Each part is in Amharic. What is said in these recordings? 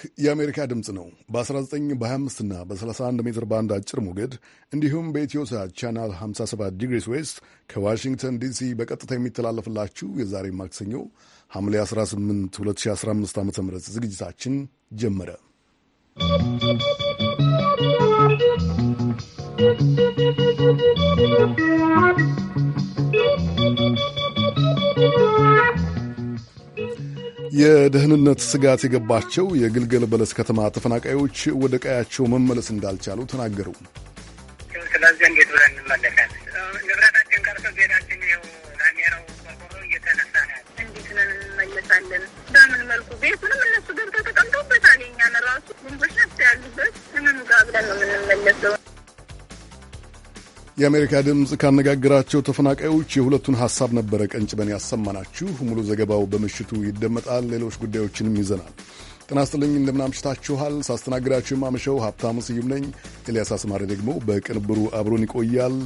ይህ የአሜሪካ ድምፅ ነው። በ19 በ25 እና በ31 ሜትር ባንድ አጭር ሞገድ እንዲሁም በኢትዮሳት ቻናል 57 ዲግሪስ ዌስት ከዋሽንግተን ዲሲ በቀጥታ የሚተላለፍላችሁ የዛሬ ማክሰኞ ሐምሌ 18 2015 ዓ ም ዝግጅታችን ጀመረ። ¶¶ የደህንነት ስጋት የገባቸው የግልገል በለስ ከተማ ተፈናቃዮች ወደ ቀያቸው መመለስ እንዳልቻሉ ተናገሩ። ስለዚህ እንዴት ብለን እንመለሳለን? ንብረታችን ቀርቶ ቤታችን ይኸው ላሜራው ቆርቆሮ እየተነሳ ነው። እንዴት ነን እንመለሳለን? በምን መልኩ ቤቱንም እነሱ ገብተው ተቀምጠውበታል። የእኛን ራሱ ጉንቦች ያሉበት። ምንም ጋር ብለን ነው የምንመለሰው የአሜሪካ ድምፅ ካነጋግራቸው ተፈናቃዮች የሁለቱን ሀሳብ ነበረ ቀንጭበን ያሰማናችሁ። ሙሉ ዘገባው በምሽቱ ይደመጣል። ሌሎች ጉዳዮችንም ይዘናል። ጤና ይስጥልኝ፣ እንደምናምሽታችኋል። ሳስተናግዳችሁ የማመሸው ሀብታሙ ስዩም ነኝ። ኤልያስ አስማሪ ደግሞ በቅንብሩ አብሮን ይቆያል።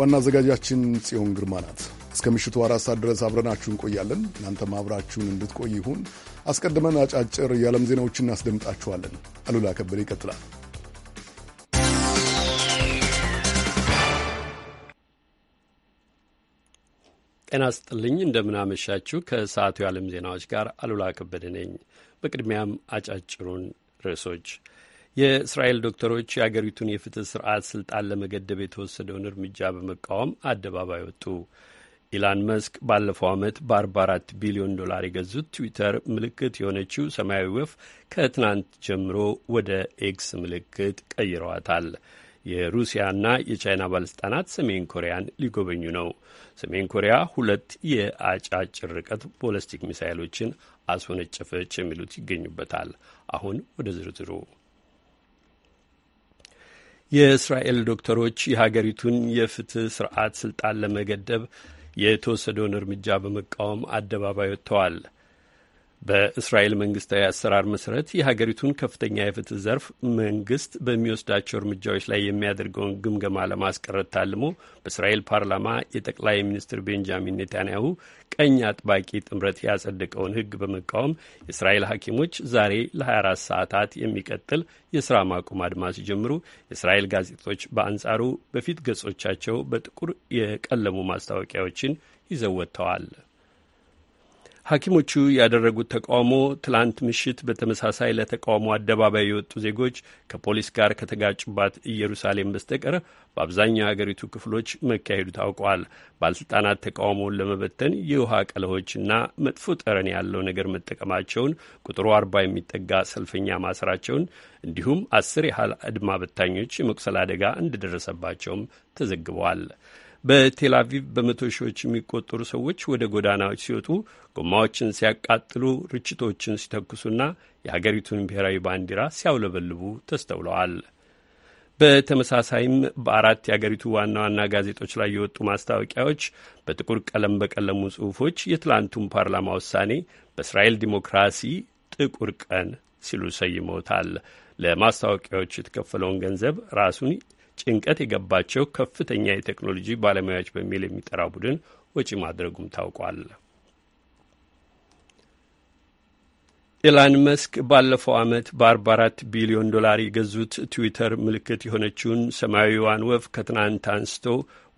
ዋና አዘጋጃችን ጽዮን ግርማ ናት። እስከ ምሽቱ አራት ሰዓት ድረስ አብረናችሁ እንቆያለን። እናንተም አብራችሁን እንድትቆይ ይሁን። አስቀድመን አጫጭር የዓለም ዜናዎችን እናስደምጣችኋለን። አሉላ ከበደ ይቀጥላል። ጤና ስጥልኝ እንደምናመሻችሁ። ከሰዓቱ የዓለም ዜናዎች ጋር አሉላ ከበደ ነኝ። በቅድሚያም አጫጭሩን ርዕሶች የእስራኤል ዶክተሮች የአገሪቱን የፍትህ ስርዓት ስልጣን ለመገደብ የተወሰደውን እርምጃ በመቃወም አደባባይ ወጡ። ኢላን መስክ ባለፈው ዓመት በ44 ቢሊዮን ዶላር የገዙት ትዊተር ምልክት የሆነችው ሰማያዊ ወፍ ከትናንት ጀምሮ ወደ ኤክስ ምልክት ቀይረዋታል። የሩሲያና የቻይና ባለስልጣናት ሰሜን ኮሪያን ሊጎበኙ ነው። ሰሜን ኮሪያ ሁለት የአጫጭር ርቀት ቦለስቲክ ሚሳይሎችን አስወነጨፈች የሚሉት ይገኙበታል። አሁን ወደ ዝርዝሩ። የእስራኤል ዶክተሮች የሀገሪቱን የፍትህ ስርዓት ስልጣን ለመገደብ የተወሰደውን እርምጃ በመቃወም አደባባይ ወጥተዋል። በእስራኤል መንግስታዊ አሰራር መሰረት የሀገሪቱን ከፍተኛ የፍትህ ዘርፍ መንግስት በሚወስዳቸው እርምጃዎች ላይ የሚያደርገውን ግምገማ ለማስቀረት ታልሞ በእስራኤል ፓርላማ የጠቅላይ ሚኒስትር ቤንጃሚን ኔታንያሁ ቀኝ አጥባቂ ጥምረት ያጸደቀውን ህግ በመቃወም የእስራኤል ሐኪሞች ዛሬ ለ24 ሰዓታት የሚቀጥል የስራ ማቆም አድማ ሲጀምሩ፣ የእስራኤል ጋዜጦች በአንጻሩ በፊት ገጾቻቸው በጥቁር የቀለሙ ማስታወቂያዎችን ይዘው ወጥተዋል። ሐኪሞቹ ያደረጉት ተቃውሞ ትላንት ምሽት በተመሳሳይ ለተቃውሞ አደባባይ የወጡ ዜጎች ከፖሊስ ጋር ከተጋጩባት ኢየሩሳሌም በስተቀር በአብዛኛው የአገሪቱ ክፍሎች መካሄዱ ታውቋል። ባለሥልጣናት ተቃውሞውን ለመበተን የውሃ ቀለሆችና መጥፎ ጠረን ያለው ነገር መጠቀማቸውን፣ ቁጥሩ አርባ የሚጠጋ ሰልፈኛ ማሰራቸውን እንዲሁም አስር ያህል አድማ በታኞች የመቁሰል አደጋ እንደደረሰባቸውም ተዘግበዋል። በቴል አቪቭ በመቶ ሺዎች የሚቆጠሩ ሰዎች ወደ ጎዳናዎች ሲወጡ ጎማዎችን ሲያቃጥሉ፣ ርችቶችን ሲተኩሱና የሀገሪቱን ብሔራዊ ባንዲራ ሲያውለበልቡ ተስተውለዋል። በተመሳሳይም በአራት የአገሪቱ ዋና ዋና ጋዜጦች ላይ የወጡ ማስታወቂያዎች በጥቁር ቀለም በቀለሙ ጽሑፎች የትላንቱን ፓርላማ ውሳኔ በእስራኤል ዲሞክራሲ ጥቁር ቀን ሲሉ ሰይመውታል። ለማስታወቂያዎች የተከፈለውን ገንዘብ ራሱን ጭንቀት የገባቸው ከፍተኛ የቴክኖሎጂ ባለሙያዎች በሚል የሚጠራ ቡድን ወጪ ማድረጉም ታውቋል። ኢላን መስክ ባለፈው ዓመት በ44 ቢሊዮን ዶላር የገዙት ትዊተር ምልክት የሆነችውን ሰማያዊዋን ወፍ ከትናንት አንስቶ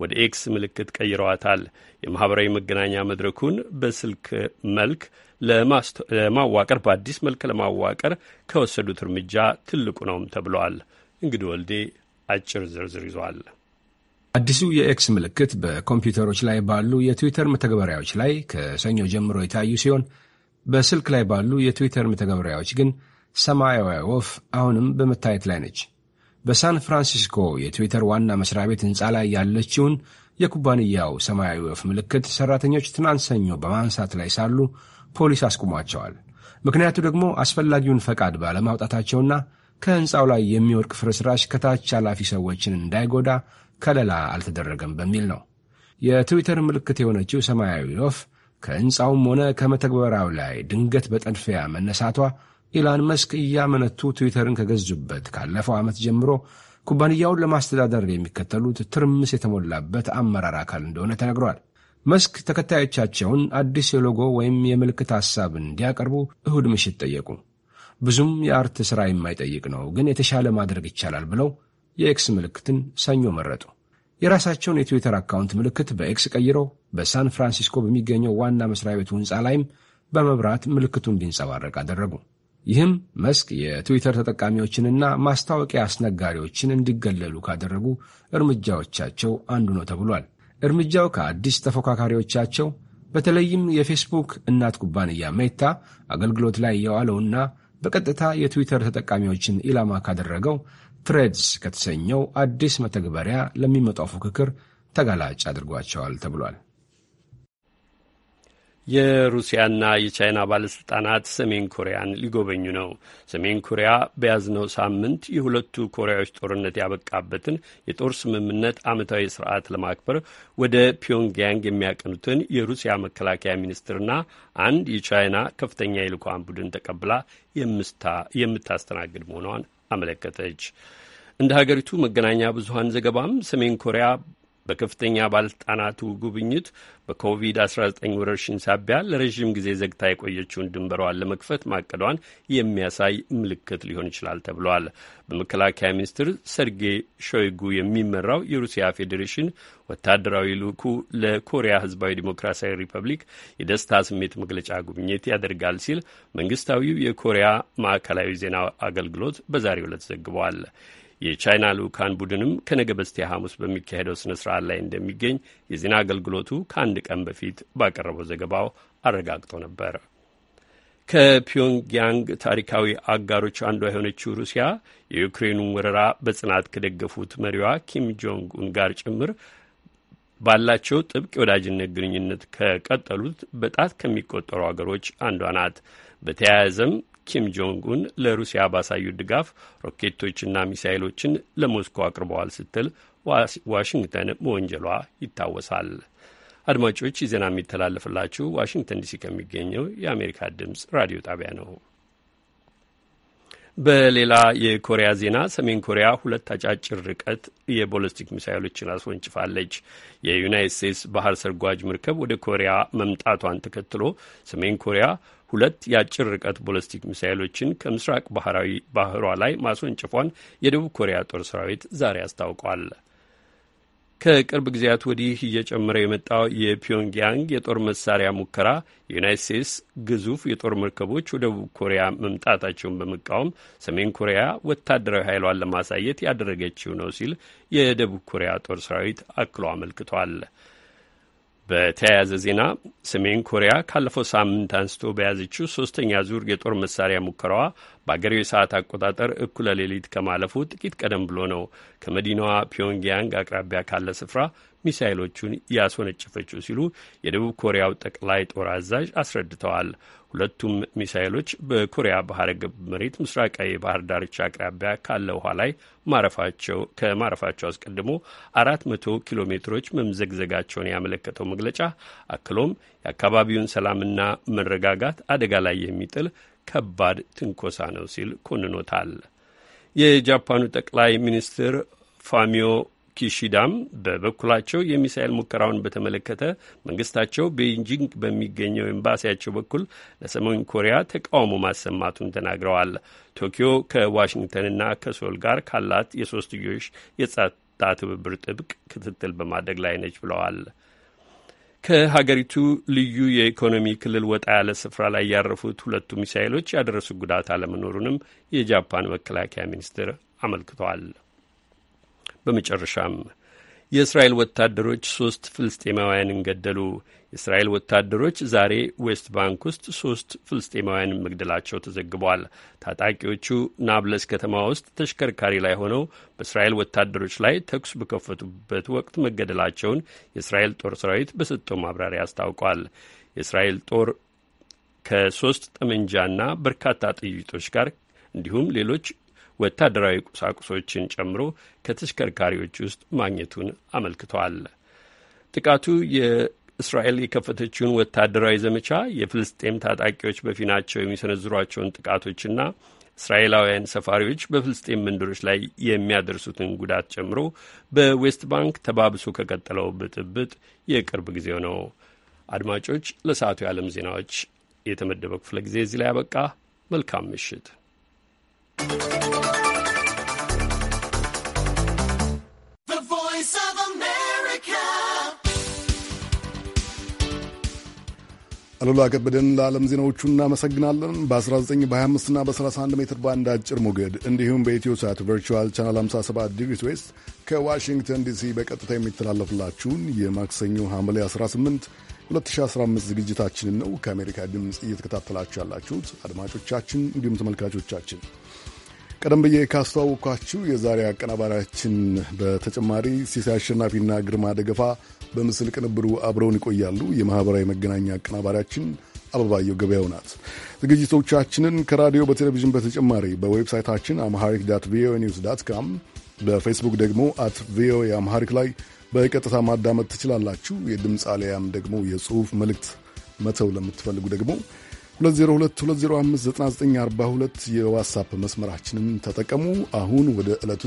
ወደ ኤክስ ምልክት ቀይረዋታል። የማኅበራዊ መገናኛ መድረኩን በስልክ መልክ ለማዋቀር በአዲስ መልክ ለማዋቀር ከወሰዱት እርምጃ ትልቁ ነውም ተብለዋል። እንግዲህ ወልዴ አጭር ዝርዝር ይዟል። አዲሱ የኤክስ ምልክት በኮምፒውተሮች ላይ ባሉ የትዊተር መተግበሪያዎች ላይ ከሰኞ ጀምሮ የታዩ ሲሆን በስልክ ላይ ባሉ የትዊተር መተግበሪያዎች ግን ሰማያዊ ወፍ አሁንም በመታየት ላይ ነች። በሳን ፍራንሲስኮ የትዊተር ዋና መስሪያ ቤት ሕንፃ ላይ ያለችውን የኩባንያው ሰማያዊ ወፍ ምልክት ሠራተኞች ትናንት ሰኞ በማንሳት ላይ ሳሉ ፖሊስ አስቁሟቸዋል። ምክንያቱ ደግሞ አስፈላጊውን ፈቃድ ባለማውጣታቸውና ከህንፃው ላይ የሚወድቅ ፍርስራሽ ከታች ኃላፊ ሰዎችን እንዳይጎዳ ከለላ አልተደረገም በሚል ነው። የትዊተር ምልክት የሆነችው ሰማያዊ ወፍ ከህንፃውም ሆነ ከመተግበሪያው ላይ ድንገት በጠድፊያ መነሳቷ ኢላን መስክ እያመነቱ ትዊተርን ከገዙበት ካለፈው ዓመት ጀምሮ ኩባንያውን ለማስተዳደር የሚከተሉት ትርምስ የተሞላበት አመራር አካል እንደሆነ ተነግሯል። መስክ ተከታዮቻቸውን አዲስ የሎጎ ወይም የምልክት ሐሳብ እንዲያቀርቡ እሁድ ምሽት ጠየቁ። ብዙም የአርት ሥራ የማይጠይቅ ነው፣ ግን የተሻለ ማድረግ ይቻላል ብለው የኤክስ ምልክትን ሰኞ መረጡ። የራሳቸውን የትዊተር አካውንት ምልክት በኤክስ ቀይረው በሳን ፍራንሲስኮ በሚገኘው ዋና መስሪያ ቤቱ ሕንፃ ላይም በመብራት ምልክቱ እንዲንጸባረቅ አደረጉ። ይህም መስክ የትዊተር ተጠቃሚዎችንና ማስታወቂያ አስነጋሪዎችን እንዲገለሉ ካደረጉ እርምጃዎቻቸው አንዱ ነው ተብሏል። እርምጃው ከአዲስ ተፎካካሪዎቻቸው በተለይም የፌስቡክ እናት ኩባንያ ሜታ አገልግሎት ላይ የዋለውና በቀጥታ የትዊተር ተጠቃሚዎችን ኢላማ ካደረገው ትሬድስ ከተሰኘው አዲስ መተግበሪያ ለሚመጣው ፉክክር ተጋላጭ አድርጓቸዋል ተብሏል። የሩሲያና የቻይና ባለስልጣናት ሰሜን ኮሪያን ሊጎበኙ ነው። ሰሜን ኮሪያ በያዝነው ሳምንት የሁለቱ ኮሪያዎች ጦርነት ያበቃበትን የጦር ስምምነት ዓመታዊ ስርዓት ለማክበር ወደ ፒዮንግያንግ የሚያቀኑትን የሩሲያ መከላከያ ሚኒስትርና አንድ የቻይና ከፍተኛ የልዑካን ቡድን ተቀብላ የምታስተናግድ መሆኗን አመለከተች። እንደ ሀገሪቱ መገናኛ ብዙሀን ዘገባም ሰሜን ኮሪያ በከፍተኛ ባለስልጣናቱ ጉብኝት በኮቪድ-19 ወረርሽኝ ሳቢያ ለረዥም ጊዜ ዘግታ የቆየችውን ድንበሯን ለመክፈት ማቀዷን የሚያሳይ ምልክት ሊሆን ይችላል ተብሏል። በመከላከያ ሚኒስትር ሰርጌይ ሾይጉ የሚመራው የሩሲያ ፌዴሬሽን ወታደራዊ ልዑኩ ለኮሪያ ህዝባዊ ዲሞክራሲያዊ ሪፐብሊክ የደስታ ስሜት መግለጫ ጉብኝት ያደርጋል ሲል መንግስታዊው የኮሪያ ማዕከላዊ ዜና አገልግሎት በዛሬው ዕለት ዘግቧል። የቻይና ልዑካን ቡድንም ከነገ በስቲያ ሐሙስ በሚካሄደው ስነ ስርዓት ላይ እንደሚገኝ የዜና አገልግሎቱ ከአንድ ቀን በፊት ባቀረበው ዘገባው አረጋግጦ ነበር። ከፒዮንግያንግ ታሪካዊ አጋሮች አንዷ የሆነችው ሩሲያ የዩክሬኑን ወረራ በጽናት ከደገፉት መሪዋ ኪም ጆንግ ኡን ጋር ጭምር ባላቸው ጥብቅ የወዳጅነት ግንኙነት ከቀጠሉት በጣት ከሚቆጠሩ አገሮች አንዷ ናት። በተያያዘም ኪም ጆንግ ኡን ለሩሲያ ባሳዩት ድጋፍ ሮኬቶችና ሚሳይሎችን ለሞስኮ አቅርበዋል ስትል ዋሽንግተን መወንጀሏ ይታወሳል። አድማጮች ዜና የሚተላለፍላችሁ ዋሽንግተን ዲሲ ከሚገኘው የአሜሪካ ድምፅ ራዲዮ ጣቢያ ነው። በሌላ የኮሪያ ዜና ሰሜን ኮሪያ ሁለት አጫጭር ርቀት የቦለስቲክ ሚሳይሎችን አስወንጭፋለች። የዩናይት ስቴትስ ባህር ሰርጓጅ መርከብ ወደ ኮሪያ መምጣቷን ተከትሎ ሰሜን ኮሪያ ሁለት የአጭር ርቀት ቦለስቲክ ሚሳይሎችን ከምስራቅ ባህራዊ ባህሯ ላይ ማስወንጭፏን የደቡብ ኮሪያ ጦር ሰራዊት ዛሬ አስታውቋል። ከቅርብ ጊዜያት ወዲህ እየጨመረ የመጣው የፒዮንግያንግ የጦር መሳሪያ ሙከራ የዩናይት ስቴትስ ግዙፍ የጦር መርከቦች ወደ ደቡብ ኮሪያ መምጣታቸውን በመቃወም ሰሜን ኮሪያ ወታደራዊ ኃይሏን ለማሳየት ያደረገችው ነው ሲል የደቡብ ኮሪያ ጦር ሰራዊት አክሎ አመልክቷል። በተያያዘ ዜና ሰሜን ኮሪያ ካለፈው ሳምንት አንስቶ በያዘችው ሶስተኛ ዙር የጦር መሳሪያ ሙከራዋ በአገሬው የሰዓት አቆጣጠር እኩለ ሌሊት ከማለፉ ጥቂት ቀደም ብሎ ነው ከመዲናዋ ፒዮንግያንግ አቅራቢያ ካለ ስፍራ ሚሳይሎቹን ያስወነጨፈችው ሲሉ የደቡብ ኮሪያው ጠቅላይ ጦር አዛዥ አስረድተዋል። ሁለቱም ሚሳይሎች በኮሪያ ባህረ ገብ መሬት ምስራቃዊ ባህር ዳርቻ አቅራቢያ ካለ ውሃ ላይ ማረፋቸው ከማረፋቸው አስቀድሞ አራት መቶ ኪሎ ሜትሮች መምዘግዘጋቸውን ያመለከተው መግለጫ አክሎም የአካባቢውን ሰላምና መረጋጋት አደጋ ላይ የሚጥል ከባድ ትንኮሳ ነው ሲል ኮንኖታል። የጃፓኑ ጠቅላይ ሚኒስትር ፋሚዮ ኪሺዳም በበኩላቸው የሚሳኤል ሙከራውን በተመለከተ መንግስታቸው ቤጂንግ በሚገኘው ኤምባሲያቸው በኩል ለሰሜን ኮሪያ ተቃውሞ ማሰማቱን ተናግረዋል። ቶኪዮ ከዋሽንግተንና ከሶል ጋር ካላት የሶስትዮሽ የጸጥታ ትብብር ጥብቅ ክትትል በማድረግ ላይ ነች ብለዋል። ከሀገሪቱ ልዩ የኢኮኖሚ ክልል ወጣ ያለ ስፍራ ላይ ያረፉት ሁለቱ ሚሳይሎች ያደረሱ ጉዳት አለመኖሩንም የጃፓን መከላከያ ሚኒስቴር አመልክቷል። በመጨረሻም የእስራኤል ወታደሮች ሶስት ፍልስጤማውያንን ገደሉ። የእስራኤል ወታደሮች ዛሬ ዌስት ባንክ ውስጥ ሶስት ፍልስጤማውያን መግደላቸው ተዘግቧል። ታጣቂዎቹ ናብለስ ከተማ ውስጥ ተሽከርካሪ ላይ ሆነው በእስራኤል ወታደሮች ላይ ተኩስ በከፈቱበት ወቅት መገደላቸውን የእስራኤል ጦር ሰራዊት በሰጠው ማብራሪያ አስታውቋል። የእስራኤል ጦር ከሶስት ጠመንጃና በርካታ ጥይቶች ጋር እንዲሁም ሌሎች ወታደራዊ ቁሳቁሶችን ጨምሮ ከተሽከርካሪዎች ውስጥ ማግኘቱን አመልክቷል። ጥቃቱ የእስራኤል የከፈተችውን ወታደራዊ ዘመቻ የፍልስጤም ታጣቂዎች በፊናቸው የሚሰነዝሯቸውን ጥቃቶችና እስራኤላውያን ሰፋሪዎች በፍልስጤም መንደሮች ላይ የሚያደርሱትን ጉዳት ጨምሮ በዌስት ባንክ ተባብሶ ከቀጠለው ብጥብጥ የቅርብ ጊዜው ነው። አድማጮች፣ ለሰዓቱ የዓለም ዜናዎች የተመደበው ክፍለ ጊዜ እዚህ ላይ ያበቃ። መልካም ምሽት። አሉላ ከበደን ለዓለም ዜናዎቹ እናመሰግናለን። በ19 በ25ና በ31 ሜትር ባንድ አጭር ሞገድ እንዲሁም በኢትዮ ሳት ቨርቹዋል ቻናል 57 ዲግሪ ዌስት ከዋሽንግተን ዲሲ በቀጥታ የሚተላለፍላችሁን የማክሰኞ ሐምሌ 18 2015 ዝግጅታችንን ነው ከአሜሪካ ድምፅ እየተከታተላችሁ ያላችሁት አድማጮቻችን፣ እንዲሁም ተመልካቾቻችን ቀደም ብዬ ካስተዋወቅኳችሁ የዛሬ አቀናባሪያችን በተጨማሪ ሲሳይ አሸናፊና ግርማ ደገፋ በምስል ቅንብሩ አብረውን ይቆያሉ። የማኅበራዊ መገናኛ አቀናባሪያችን አበባየው ገበያው ናት። ዝግጅቶቻችንን ከራዲዮ በቴሌቪዥን በተጨማሪ በዌብሳይታችን አምሃሪክ ዳት ቪኦኤ ኒውስ ዳት ካም፣ በፌስቡክ ደግሞ አት ቪኦኤ አምሃሪክ ላይ በቀጥታ ማዳመጥ ትችላላችሁ። የድምፅ አሊያም ደግሞ የጽሑፍ መልእክት መተው ለምትፈልጉ ደግሞ 2022059942 የዋትሳፕ መስመራችንን ተጠቀሙ። አሁን ወደ ዕለቱ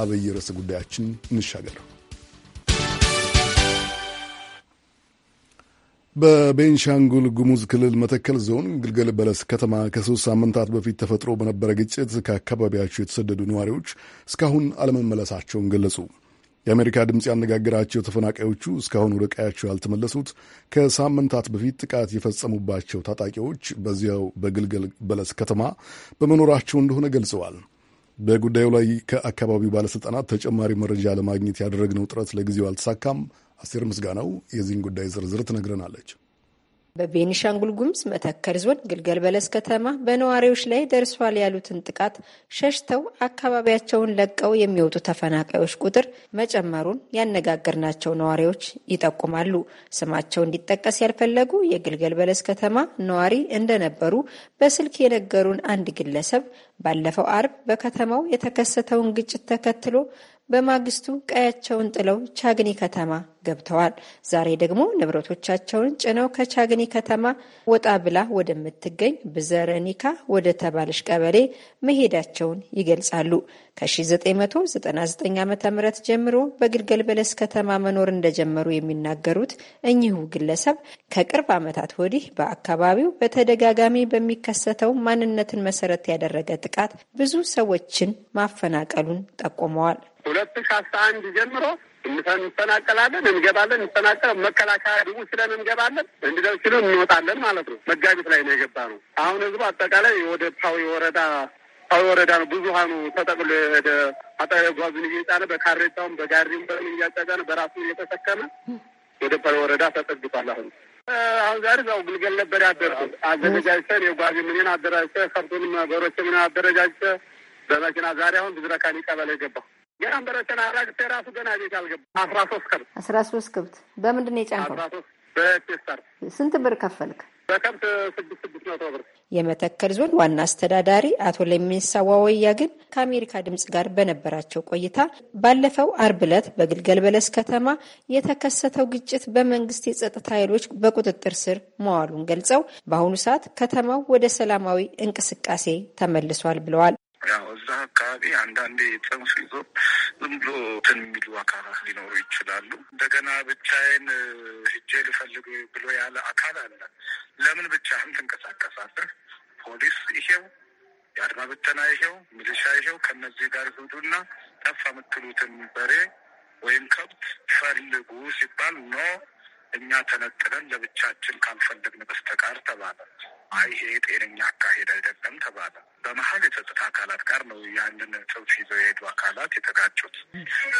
አብይ ርዕስ ጉዳያችን እንሻገር። በቤንሻንጉል ጉሙዝ ክልል መተከል ዞን ግልገል በለስ ከተማ ከሶስት ሳምንታት በፊት ተፈጥሮ በነበረ ግጭት ከአካባቢያቸው የተሰደዱ ነዋሪዎች እስካሁን አለመመለሳቸውን ገለጹ። የአሜሪካ ድምፅ ያነጋገራቸው ተፈናቃዮቹ እስካሁን ወደ ቀያቸው ያልተመለሱት ከሳምንታት በፊት ጥቃት የፈጸሙባቸው ታጣቂዎች በዚያው በግልገል በለስ ከተማ በመኖራቸው እንደሆነ ገልጸዋል። በጉዳዩ ላይ ከአካባቢው ባለሥልጣናት ተጨማሪ መረጃ ለማግኘት ያደረግነው ጥረት ለጊዜው አልተሳካም። አስቴር ምስጋናው የዚህን ጉዳይ ዝርዝር ትነግረናለች። በቤኒሻንጉል ጉምዝ መተከል ዞን ግልገል በለስ ከተማ በነዋሪዎች ላይ ደርሷል ያሉትን ጥቃት ሸሽተው አካባቢያቸውን ለቀው የሚወጡ ተፈናቃዮች ቁጥር መጨመሩን ያነጋገርናቸው ነዋሪዎች ይጠቁማሉ። ስማቸው እንዲጠቀስ ያልፈለጉ የግልገል በለስ ከተማ ነዋሪ እንደነበሩ በስልክ የነገሩን አንድ ግለሰብ ባለፈው አርብ በከተማው የተከሰተውን ግጭት ተከትሎ በማግስቱ ቀያቸውን ጥለው ቻግኒ ከተማ ገብተዋል። ዛሬ ደግሞ ንብረቶቻቸውን ጭነው ከቻግኒ ከተማ ወጣ ብላ ወደምትገኝ ብዘረኒካ ወደ ተባለሽ ቀበሌ መሄዳቸውን ይገልጻሉ። ከ1999 ዓ ም ጀምሮ በግልገል በለስ ከተማ መኖር እንደጀመሩ የሚናገሩት እኚሁ ግለሰብ ከቅርብ ዓመታት ወዲህ በአካባቢው በተደጋጋሚ በሚከሰተው ማንነትን መሰረት ያደረገ ጥቃት ብዙ ሰዎችን ማፈናቀሉን ጠቁመዋል። ሁለት ሺ አስራ አንድ ጀምሮ እንፈናቀላለን፣ እንገባለን፣ እንፈናቀል መከላከያ ድቡ ስለን እንገባለን፣ እንዲደው ሲሉ እንወጣለን ማለት ነው። መጋቢት ላይ ነው የገባ ነው። አሁን ህዝቡ አጠቃላይ ወደ ፓዊ ወረዳ ፓዊ ወረዳ ነው ብዙሀኑ ተጠቅሎ የሄደ አጠ ጓዙን እየጫነ በካሬታውም በጋሪም በምን እያጫጫነ በራሱ እየተሰከመ ወደ ፓዊ ወረዳ ተጠግቷል። አሁን አሁን ዛሬ ዛው ግልገል ነበር ያደርጉ አዘነጃጅተን የጓዝ ምንን አደራጅተ ከብቱንም በሮች ምንን አደረጃጅተ በመኪና ዛሬ አሁን ብዝረካኒ ቀበሌ ገባሁ። ገና በረተና አራግቼ ራሱ ገና ቤት አልገባም። አስራ ሶስት ከብት አስራ ሶስት ከብት በምንድን ነው የጫንከው? በቴስተር ስንት ብር ከፈልክ? በከብት ስድስት ስድስት መቶ ብር። የመተከል ዞን ዋና አስተዳዳሪ አቶ ለሜሳ ዋወያ ግን ከአሜሪካ ድምጽ ጋር በነበራቸው ቆይታ ባለፈው አርብ ዕለት በግልገል በለስ ከተማ የተከሰተው ግጭት በመንግስት የጸጥታ ኃይሎች በቁጥጥር ስር መዋሉን ገልጸው በአሁኑ ሰዓት ከተማው ወደ ሰላማዊ እንቅስቃሴ ተመልሷል ብለዋል። እዛ አካባቢ አንዳንዴ ጽንፍ ይዞ ዝም ብሎ እንትን የሚሉ አካላት ሊኖሩ ይችላሉ። እንደገና ብቻዬን ሂጄ ልፈልግ ብሎ ያለ አካል አለ። ለምን ብቻህን ትንቀሳቀሳለህ? ፖሊስ ይሄው፣ የአድማ ብተና ይሄው፣ ሚሊሻ ይሄው፣ ከነዚህ ጋር ሂዱና ጠፋ የምትሉትን በሬ ወይም ከብት ፈልጉ ሲባል ኖ እኛ ተነጥለን ለብቻችን ካልፈለግን በስተቀር ተባለ። ይሄ ጤነኛ አካሄድ አይደለም ተባለ። በመሀል የጸጥታ አካላት ጋር ነው ያንን ጽንፍ ይዘው የሄዱ አካላት የተጋጩት።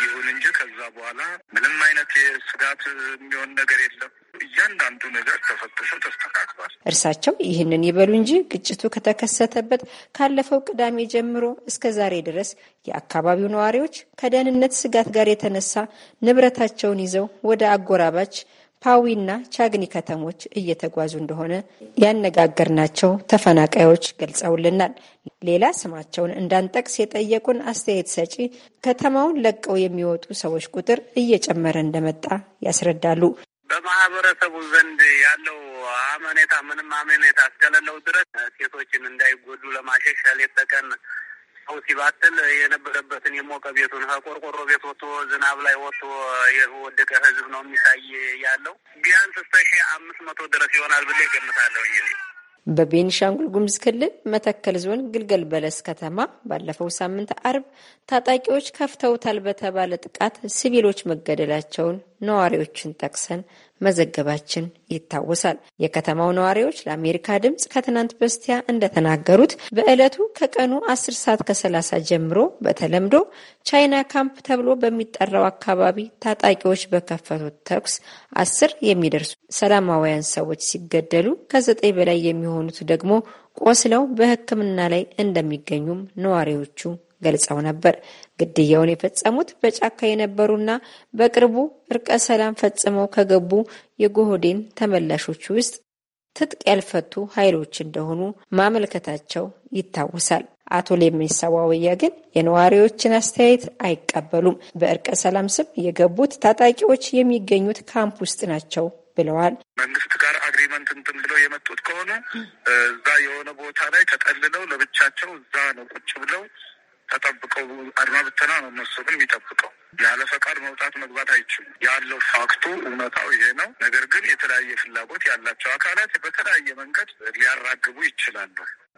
ይሁን እንጂ ከዛ በኋላ ምንም አይነት ስጋት የሚሆን ነገር የለም። እያንዳንዱ ነገር ተፈትሾ ተስተካክሏል። እርሳቸው ይህንን ይበሉ እንጂ ግጭቱ ከተከሰተበት ካለፈው ቅዳሜ ጀምሮ እስከ ዛሬ ድረስ የአካባቢው ነዋሪዎች ከደህንነት ስጋት ጋር የተነሳ ንብረታቸውን ይዘው ወደ አጎራባች ፓዊና ቻግኒ ከተሞች እየተጓዙ እንደሆነ ያነጋገርናቸው ተፈናቃዮች ገልጸውልናል። ሌላ ስማቸውን እንዳንጠቅስ የጠየቁን አስተያየት ሰጪ ከተማውን ለቀው የሚወጡ ሰዎች ቁጥር እየጨመረ እንደመጣ ያስረዳሉ። በማህበረሰቡ ዘንድ ያለው አመኔታ ምንም አመኔታ እስከሌለው ድረስ ሴቶችን እንዳይጎዱ ለማሸሽ ሌት ተቀን ሰው ሲባትል የነበረበትን የሞቀ ቤቱን ከቆርቆሮ ቤት ወጥቶ ዝናብ ላይ ወጥቶ የወደቀ ህዝብ ነው የሚታይ ያለው። ቢያንስ እስከ ሺህ አምስት መቶ ድረስ ይሆናል ብዬ እገምታለሁ። በቤኒሻንጉል ጉሙዝ ክልል መተከል ዞን ግልገል በለስ ከተማ ባለፈው ሳምንት አርብ ታጣቂዎች ከፍተውታል በተባለ ጥቃት ሲቪሎች መገደላቸውን ነዋሪዎችን ጠቅሰን መዘገባችን ይታወሳል። የከተማው ነዋሪዎች ለአሜሪካ ድምፅ ከትናንት በስቲያ እንደተናገሩት በዕለቱ ከቀኑ 10 ሰዓት ከ30 ጀምሮ በተለምዶ ቻይና ካምፕ ተብሎ በሚጠራው አካባቢ ታጣቂዎች በከፈቱት ተኩስ አስር የሚደርሱ ሰላማውያን ሰዎች ሲገደሉ ከዘጠኝ በላይ የሚሆኑት ደግሞ ቆስለው በሕክምና ላይ እንደሚገኙም ነዋሪዎቹ ገልጸው ነበር። ግድያውን የፈጸሙት በጫካ የነበሩና በቅርቡ እርቀ ሰላም ፈጽመው ከገቡ የጎህዴን ተመላሾች ውስጥ ትጥቅ ያልፈቱ ኃይሎች እንደሆኑ ማመልከታቸው ይታወሳል። አቶ ሌሜሳ ዋወያ ግን የነዋሪዎችን አስተያየት አይቀበሉም። በእርቀ ሰላም ስም የገቡት ታጣቂዎች የሚገኙት ካምፕ ውስጥ ናቸው ብለዋል። መንግስት ጋር አግሪመንት እንትን ብለው የመጡት ከሆነ እዛ የሆነ ቦታ ላይ ተጠልለው ለብቻቸው እዛ ነው ቁጭ ብለው ተጠብቀው አድማ ብተና ነው እነሱ ግን የሚጠብቀው ያለ ፈቃድ መውጣት መግባት አይችሉም። ያለው ፋክቱ እውነታው ይሄ ነው። ነገር ግን የተለያየ ፍላጎት ያላቸው አካላት በተለያየ መንገድ ሊያራግቡ ይችላሉ።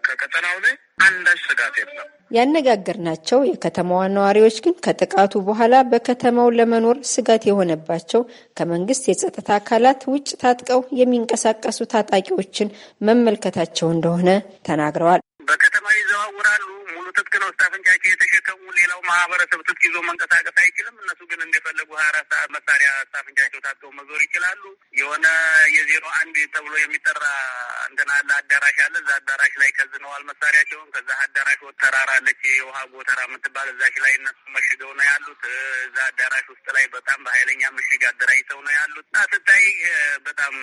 ከቀጠናው ላይ አንዳች ስጋት የለም። ያነጋገርናቸው የከተማዋ ነዋሪዎች ግን ከጥቃቱ በኋላ በከተማው ለመኖር ስጋት የሆነባቸው ከመንግስት የጸጥታ አካላት ውጭ ታጥቀው የሚንቀሳቀሱ ታጣቂዎችን መመልከታቸው እንደሆነ ተናግረዋል። በከተማ ይዘዋውራሉ ትጥቅ ነው እስታፍንጫቸው የተሸከሙ። ሌላው ማህበረሰብ ትጥቅ ይዞ መንቀሳቀስ አይችልም። እነሱ ግን እንደፈለጉ ሀያ አራት ሰዓት መሳሪያ ታጥቀው መዞር ይችላሉ። የሆነ የዜሮ አንድ ተብሎ የሚጠራ እንትና አለ፣ አዳራሽ አለ። እዛ አዳራሽ ላይ ከዝነዋል መሳሪያቸውን። ከዛ አዳራሽ ተራራ አለች፣ የውሃ ጎተራ የምትባል እዛች ላይ እነሱ መሽገው ነው ያሉት። እዛ አዳራሽ ውስጥ ላይ በጣም በሀይለኛ ምሽግ አደራጅተው ነው ያሉት እና ስታይ በጣም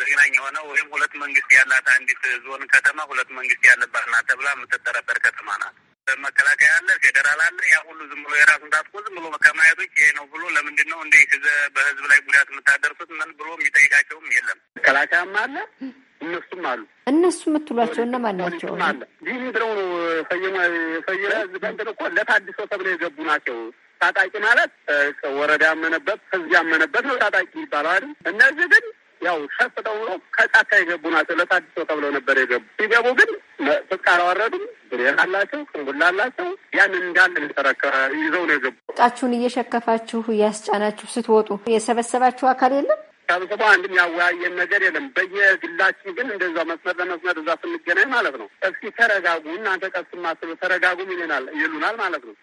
ዘግናኝ የሆነ ወይም ሁለት መንግስት ያላት አንዲት ዞን ከተማ ሁለት መንግስት ያለባት ናት ተብላ የምትጠረበር ከተማ ናት። መከላከያ አለ፣ ፌዴራል አለ። ያ ሁሉ ዝም ብሎ የራሱን ታጥቆ ዝም ብሎ ከማየቶች ይሄ ነው ብሎ ለምንድን ነው እንደ በህዝብ ላይ ጉዳት የምታደርሱት ምን ብሎ የሚጠይቃቸውም የለም። መከላከያም አለ፣ እነሱም አሉ። እነሱ የምትሏቸው እነማን ናቸው? አለ ይህ ምድረው ነው ፈየማ ሰየራ ዝበንትን እኮ ለታድሶ ተብሎ የገቡ ናቸው። ታጣቂ ማለት ወረዳ ያመነበት ህዝብ ያመነበት ነው ታጣቂ ይባላል። እነዚህ ግን ያው ሸፍ ደውሎ ከጫካ የገቡ ናቸው። ለታድሶ ተብሎ ነበር የገቡ። ሲገቡ ግን ፍቃ አላወረዱም። ብሬን አላቸው፣ ቅንቡላ አላቸው። ያን እንዳለ ተረከ ይዘው ነው የገቡ። እቃችሁን እየሸከፋችሁ እያስጫናችሁ ስትወጡ የሰበሰባችሁ አካል የለም። ሰብስቦ አንድም ያወያየን ነገር የለም። በየግላችን ግን እንደዛ መስመር ለመስመር እዛ ስንገናኝ ማለት ነው እስኪ ተረጋጉ እናንተ ቀስ ማስሉ ተረጋጉ ይለናል ይሉናል ማለት ነው።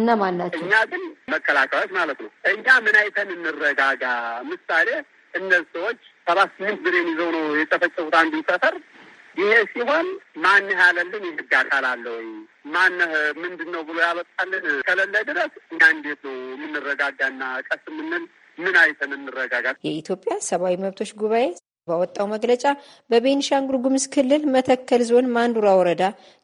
እነማን ናቸው? እኛ ግን መከላከያዎች ማለት ነው። እኛ ምን አይተን እንረጋጋ? ምሳሌ እነዚህ ሰዎች ሰባት ስምንት ብሬን ይዘው ነው የጨፈጨፉት አንዱ ሰፈር። ይሄ ሲሆን ማንህ ያለልን የህግ አካል አለ ወይ? ማነህ ምንድን ነው ብሎ ያበጣልን ከሌለ ድረስ እኛ እንዴት ነው የምንረጋጋና ቀስ የምንል? ምን አይተን እንረጋጋ? የኢትዮጵያ ሰብአዊ መብቶች ጉባኤ ባወጣው መግለጫ በቤኒሻንጉል ጉምዝ ክልል መተከል ዞን ማንዱራ ወረዳ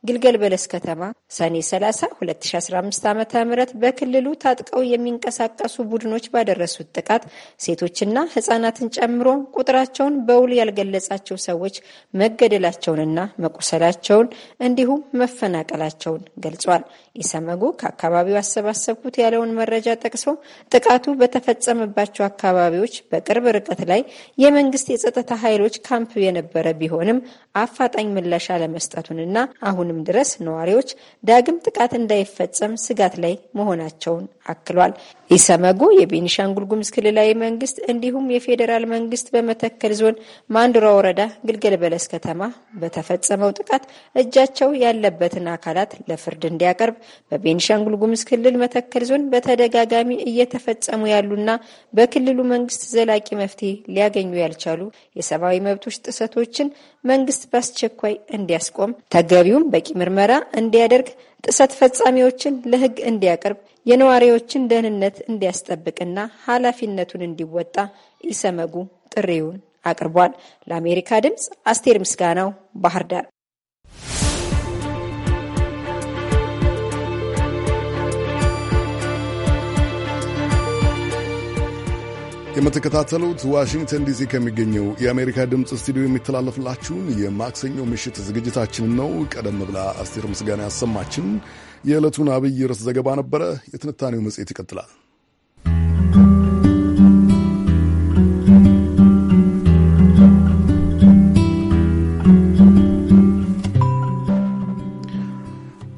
ግልገል በለስ ከተማ ሰኔ 30 2015 ዓ.ም በክልሉ ታጥቀው የሚንቀሳቀሱ ቡድኖች ባደረሱት ጥቃት ሴቶችና ሕጻናትን ጨምሮ ቁጥራቸውን በውል ያልገለጻቸው ሰዎች መገደላቸውንና መቁሰላቸውን እንዲሁም መፈናቀላቸውን ገልጿል። ኢሰመጉ ከአካባቢው አሰባሰብኩት ያለውን መረጃ ጠቅሶ ጥቃቱ በተፈጸመባቸው አካባቢዎች በቅርብ ርቀት ላይ የመንግስት የጸጥታ የጸጥታ ኃይሎች ካምፕ የነበረ ቢሆንም አፋጣኝ ምላሽ አለመስጠቱንና አሁንም ድረስ ነዋሪዎች ዳግም ጥቃት እንዳይፈጸም ስጋት ላይ መሆናቸውን አክሏል። ኢሰመጉ የቤኒሻንጉል ጉምዝ ክልላዊ መንግስት እንዲሁም የፌዴራል መንግስት በመተከል ዞን ማንዱራ ወረዳ ግልገል በለስ ከተማ በተፈጸመው ጥቃት እጃቸው ያለበትን አካላት ለፍርድ እንዲያቀርብ በቤኒሻንጉል ጉምዝ ክልል መተከል ዞን በተደጋጋሚ እየተፈጸሙ ያሉና በክልሉ መንግስት ዘላቂ መፍትሄ ሊያገኙ ያልቻሉ የሰብአዊ መብቶች ጥሰቶችን መንግስት በአስቸኳይ እንዲያስቆም፣ ተገቢውም በቂ ምርመራ እንዲያደርግ፣ ጥሰት ፈጻሚዎችን ለህግ እንዲያቀርብ፣ የነዋሪዎችን ደህንነት እንዲያስጠብቅና ኃላፊነቱን እንዲወጣ ኢሰመጉ ጥሪውን አቅርቧል። ለአሜሪካ ድምፅ አስቴር ምስጋናው ባህር ዳር። የምትከታተሉት ዋሽንግተን ዲሲ ከሚገኘው የአሜሪካ ድምፅ ስቱዲዮ የሚተላለፍላችሁን የማክሰኞ ምሽት ዝግጅታችንን ነው። ቀደም ብላ አስቴር ምስጋና ያሰማችን የዕለቱን አብይ ርዕስ ዘገባ ነበረ። የትንታኔው መጽሔት ይቀጥላል።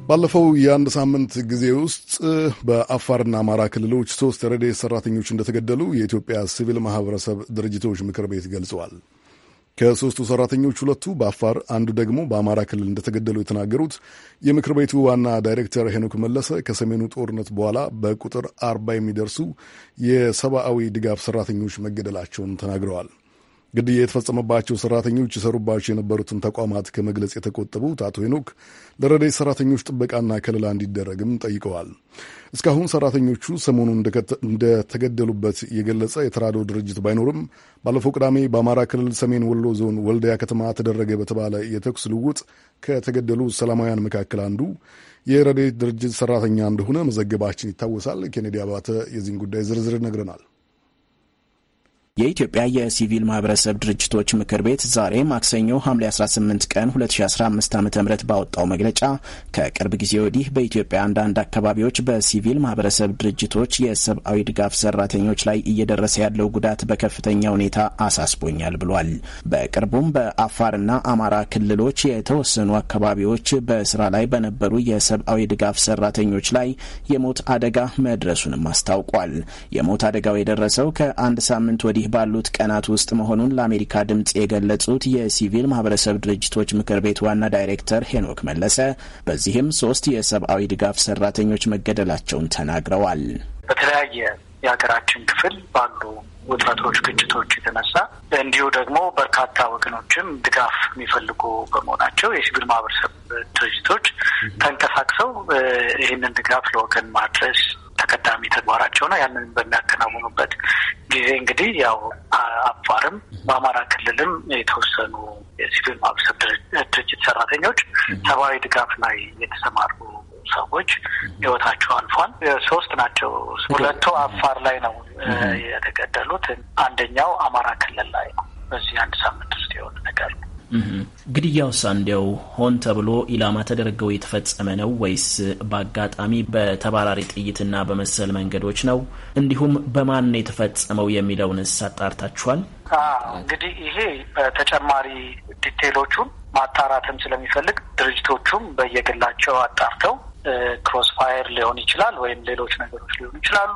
ባለፈው የአንድ ሳምንት ጊዜ ውስጥ በአፋርና አማራ ክልሎች ሶስት ረድኤት ሰራተኞች እንደተገደሉ የኢትዮጵያ ሲቪል ማህበረሰብ ድርጅቶች ምክር ቤት ገልጸዋል። ከሦስቱ ሰራተኞች ሁለቱ በአፋር አንዱ ደግሞ በአማራ ክልል እንደተገደሉ የተናገሩት የምክር ቤቱ ዋና ዳይሬክተር ሄኖክ መለሰ ከሰሜኑ ጦርነት በኋላ በቁጥር አርባ የሚደርሱ የሰብአዊ ድጋፍ ሰራተኞች መገደላቸውን ተናግረዋል። ግድያ የተፈጸመባቸው ሰራተኞች የሰሩባቸው የነበሩትን ተቋማት ከመግለጽ የተቆጠቡት አቶ ሄኖክ ለረድኤት ሰራተኞች ጥበቃና ከለላ እንዲደረግም ጠይቀዋል። እስካሁን ሰራተኞቹ ሰሞኑን እንደተገደሉበት የገለጸ የተራዶ ድርጅት ባይኖርም ባለፈው ቅዳሜ በአማራ ክልል ሰሜን ወሎ ዞን ወልዲያ ከተማ ተደረገ በተባለ የተኩስ ልውውጥ ከተገደሉ ሰላማውያን መካከል አንዱ የረድኤት ድርጅት ሰራተኛ እንደሆነ መዘገባችን ይታወሳል። ኬኔዲ አባተ የዚህን ጉዳይ ዝርዝር ነግረናል። የኢትዮጵያ የሲቪል ማህበረሰብ ድርጅቶች ምክር ቤት ዛሬ ማክሰኞ ሐምሌ 18 ቀን 2015 ዓ ም ባወጣው መግለጫ ከቅርብ ጊዜ ወዲህ በኢትዮጵያ አንዳንድ አካባቢዎች በሲቪል ማህበረሰብ ድርጅቶች የሰብአዊ ድጋፍ ሰራተኞች ላይ እየደረሰ ያለው ጉዳት በከፍተኛ ሁኔታ አሳስቦኛል ብሏል። በቅርቡም በአፋርና አማራ ክልሎች የተወሰኑ አካባቢዎች በስራ ላይ በነበሩ የሰብአዊ ድጋፍ ሰራተኞች ላይ የሞት አደጋ መድረሱንም አስታውቋል። የሞት አደጋው የደረሰው ከአንድ ሳምንት ወዲህ ወዲህ ባሉት ቀናት ውስጥ መሆኑን ለአሜሪካ ድምፅ የገለጹት የሲቪል ማህበረሰብ ድርጅቶች ምክር ቤት ዋና ዳይሬክተር ሄኖክ መለሰ በዚህም ሶስት የሰብአዊ ድጋፍ ሰራተኞች መገደላቸውን ተናግረዋል። በተለያየ የሀገራችን ክፍል ባሉ ውጥረቶች፣ ግጭቶች የተነሳ እንዲሁ ደግሞ በርካታ ወገኖችም ድጋፍ የሚፈልጉ በመሆናቸው የሲቪል ማህበረሰብ ድርጅቶች ተንቀሳቅሰው ይህንን ድጋፍ ለወገን ማድረስ ተቀዳሚ ተግባራቸው ነው። ያንን በሚያከናውኑበት ጊዜ እንግዲህ ያው አፋርም በአማራ ክልልም የተወሰኑ የሲቪል ማህበረሰብ ድርጅት ሰራተኞች ሰብአዊ ድጋፍ ላይ የተሰማሩ ሰዎች ህይወታቸው አልፏል። ሶስት ናቸው። ሁለቱ አፋር ላይ ነው የተገደሉት። አንደኛው አማራ ክልል ላይ ነው። በዚህ አንድ ሳምንት ውስጥ የሆነ ነገር ነው። ግድያውሳ እንዲያው ሆን ተብሎ ኢላማ ተደረገው የተፈጸመ ነው ወይስ በአጋጣሚ በተባራሪ ጥይትና በመሰል መንገዶች ነው? እንዲሁም በማን ነው የተፈጸመው የሚለውንስ አጣርታችኋል? እንግዲህ ይሄ በተጨማሪ ዲቴሎቹን ማጣራትም ስለሚፈልግ ድርጅቶቹም በየግላቸው አጣርተው ክሮስፋየር ሊሆን ይችላል ወይም ሌሎች ነገሮች ሊሆኑ ይችላሉ።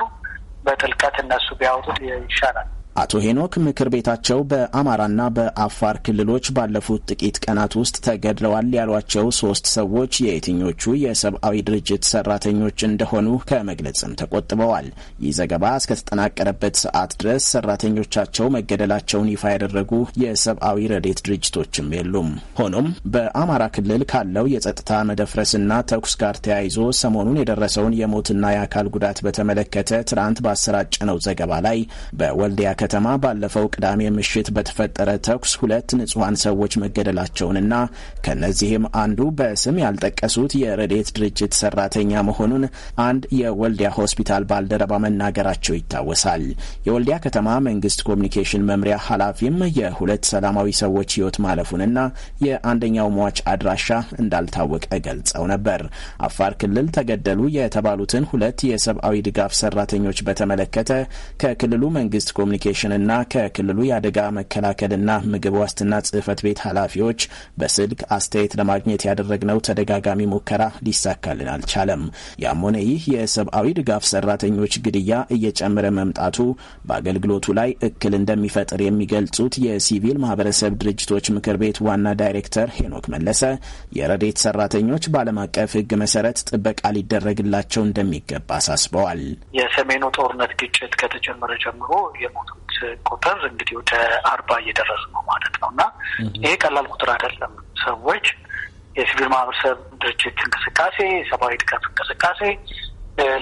በጥልቀት እነሱ ቢያወጡት ይሻላል። አቶ ሄኖክ ምክር ቤታቸው በአማራና በአፋር ክልሎች ባለፉት ጥቂት ቀናት ውስጥ ተገድለዋል ያሏቸው ሶስት ሰዎች የየትኞቹ የሰብአዊ ድርጅት ሰራተኞች እንደሆኑ ከመግለጽም ተቆጥበዋል። ይህ ዘገባ እስከተጠናቀረበት ሰዓት ድረስ ሰራተኞቻቸው መገደላቸውን ይፋ ያደረጉ የሰብአዊ ረዴት ድርጅቶችም የሉም። ሆኖም በአማራ ክልል ካለው የጸጥታ መደፍረስና ተኩስ ጋር ተያይዞ ሰሞኑን የደረሰውን የሞትና የአካል ጉዳት በተመለከተ ትናንት ባሰራጨነው ዘገባ ላይ በወልዲያ ከተማ ባለፈው ቅዳሜ ምሽት በተፈጠረ ተኩስ ሁለት ንጹሐን ሰዎች መገደላቸውንና ከእነዚህም አንዱ በስም ያልጠቀሱት የረዴት ድርጅት ሰራተኛ መሆኑን አንድ የወልዲያ ሆስፒታል ባልደረባ መናገራቸው ይታወሳል። የወልዲያ ከተማ መንግስት ኮሚኒኬሽን መምሪያ ኃላፊም የሁለት ሰላማዊ ሰዎች ህይወት ማለፉንና የአንደኛው ሟች አድራሻ እንዳልታወቀ ገልጸው ነበር። አፋር ክልል ተገደሉ የተባሉትን ሁለት የሰብአዊ ድጋፍ ሰራተኞች በተመለከተ ከክልሉ መንግስት ኒ. ኮሚኒኬሽንና ከክልሉ የአደጋ መከላከልና ምግብ ዋስትና ጽህፈት ቤት ኃላፊዎች በስልክ አስተያየት ለማግኘት ያደረግነው ተደጋጋሚ ሙከራ ሊሳካልን አልቻለም። ያም ሆነ ይህ የሰብአዊ ድጋፍ ሰራተኞች ግድያ እየጨመረ መምጣቱ በአገልግሎቱ ላይ እክል እንደሚፈጥር የሚገልጹት የሲቪል ማህበረሰብ ድርጅቶች ምክር ቤት ዋና ዳይሬክተር ሄኖክ መለሰ የረዴት ሰራተኞች በዓለም አቀፍ ህግ መሰረት ጥበቃ ሊደረግላቸው እንደሚገባ አሳስበዋል። የሰሜኑ ጦርነት ግጭት ከተጀመረ ጀምሮ የሞቱ ሰዎች ቁጥር እንግዲህ ወደ አርባ እየደረስ ነው ማለት ነው እና ይሄ ቀላል ቁጥር አይደለም። ሰዎች የሲቪል ማህበረሰብ ድርጅት እንቅስቃሴ፣ የሰብአዊ ድጋፍ እንቅስቃሴ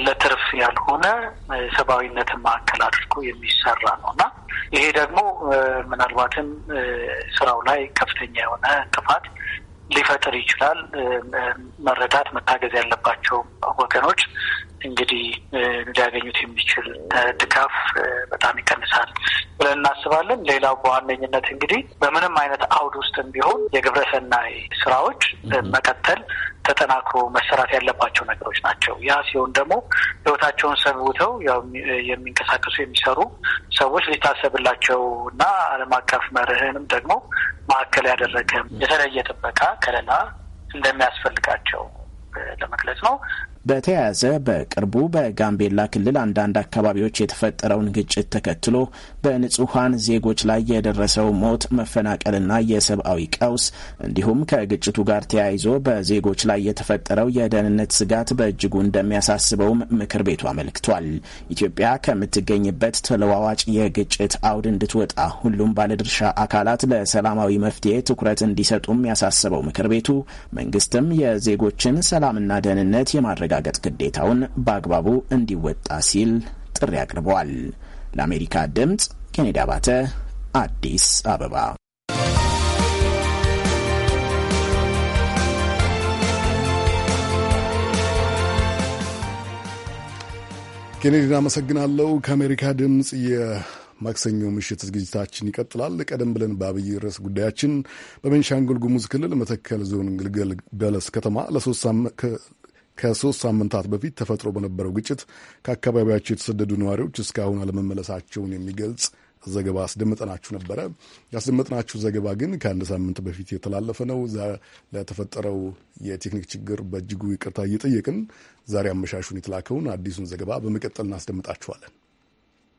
ለትርፍ ያልሆነ ሰብአዊነትን ማዕከል አድርጎ የሚሰራ ነው እና ይሄ ደግሞ ምናልባትም ስራው ላይ ከፍተኛ የሆነ እንቅፋት ሊፈጥር ይችላል። መረዳት መታገዝ ያለባቸው ወገኖች እንግዲህ ሊያገኙት የሚችል ድጋፍ በጣም ይቀንሳል ብለን እናስባለን። ሌላው በዋነኝነት እንግዲህ በምንም አይነት አውድ ውስጥም ቢሆን የግብረሰናይ ስራዎች መቀጠል ተጠናክሮ መሰራት ያለባቸው ነገሮች ናቸው። ያ ሲሆን ደግሞ ህይወታቸውን ሰብውተው የሚንቀሳቀሱ የሚሰሩ ሰዎች ሊታሰብላቸው እና ዓለም አቀፍ መርህንም ደግሞ ማዕከል ያደረገ የተለየ ጥበቃ ከለላ እንደሚያስፈልጋቸው ለመግለጽ ነው። በተያያዘ በቅርቡ በጋምቤላ ክልል አንዳንድ አካባቢዎች የተፈጠረውን ግጭት ተከትሎ በንጹሐን ዜጎች ላይ የደረሰው ሞት፣ መፈናቀልና የሰብአዊ ቀውስ እንዲሁም ከግጭቱ ጋር ተያይዞ በዜጎች ላይ የተፈጠረው የደህንነት ስጋት በእጅጉ እንደሚያሳስበውም ምክር ቤቱ አመልክቷል። ኢትዮጵያ ከምትገኝበት ተለዋዋጭ የግጭት አውድ እንድትወጣ ሁሉም ባለድርሻ አካላት ለሰላማዊ መፍትሄ ትኩረት እንዲሰጡም ያሳስበው ምክር ቤቱ መንግስትም የዜጎችን ሰላምና ደህንነት የማረጋ የማረጋገጥ ግዴታውን በአግባቡ እንዲወጣ ሲል ጥሪ አቅርበዋል። ለአሜሪካ ድምፅ ኬኔዲ አባተ አዲስ አበባ። ኬኔዲን አመሰግናለሁ። ከአሜሪካ ድምፅ የማክሰኞ ምሽት ዝግጅታችን ይቀጥላል። ቀደም ብለን በአብይ ርዕስ ጉዳያችን በቤንሻንጉል ጉሙዝ ክልል መተከል ዞን ግልገል በለስ ከተማ ከሶስት ሳምንታት በፊት ተፈጥሮ በነበረው ግጭት ከአካባቢያቸው የተሰደዱ ነዋሪዎች እስካሁን አለመመለሳቸውን የሚገልጽ ዘገባ አስደምጠናችሁ ነበረ። ያስደመጥናችሁ ዘገባ ግን ከአንድ ሳምንት በፊት የተላለፈ ነው። ለተፈጠረው የቴክኒክ ችግር በእጅጉ ይቅርታ እየጠየቅን ዛሬ አመሻሹን የተላከውን አዲሱን ዘገባ በመቀጠል እናስደምጣችኋለን።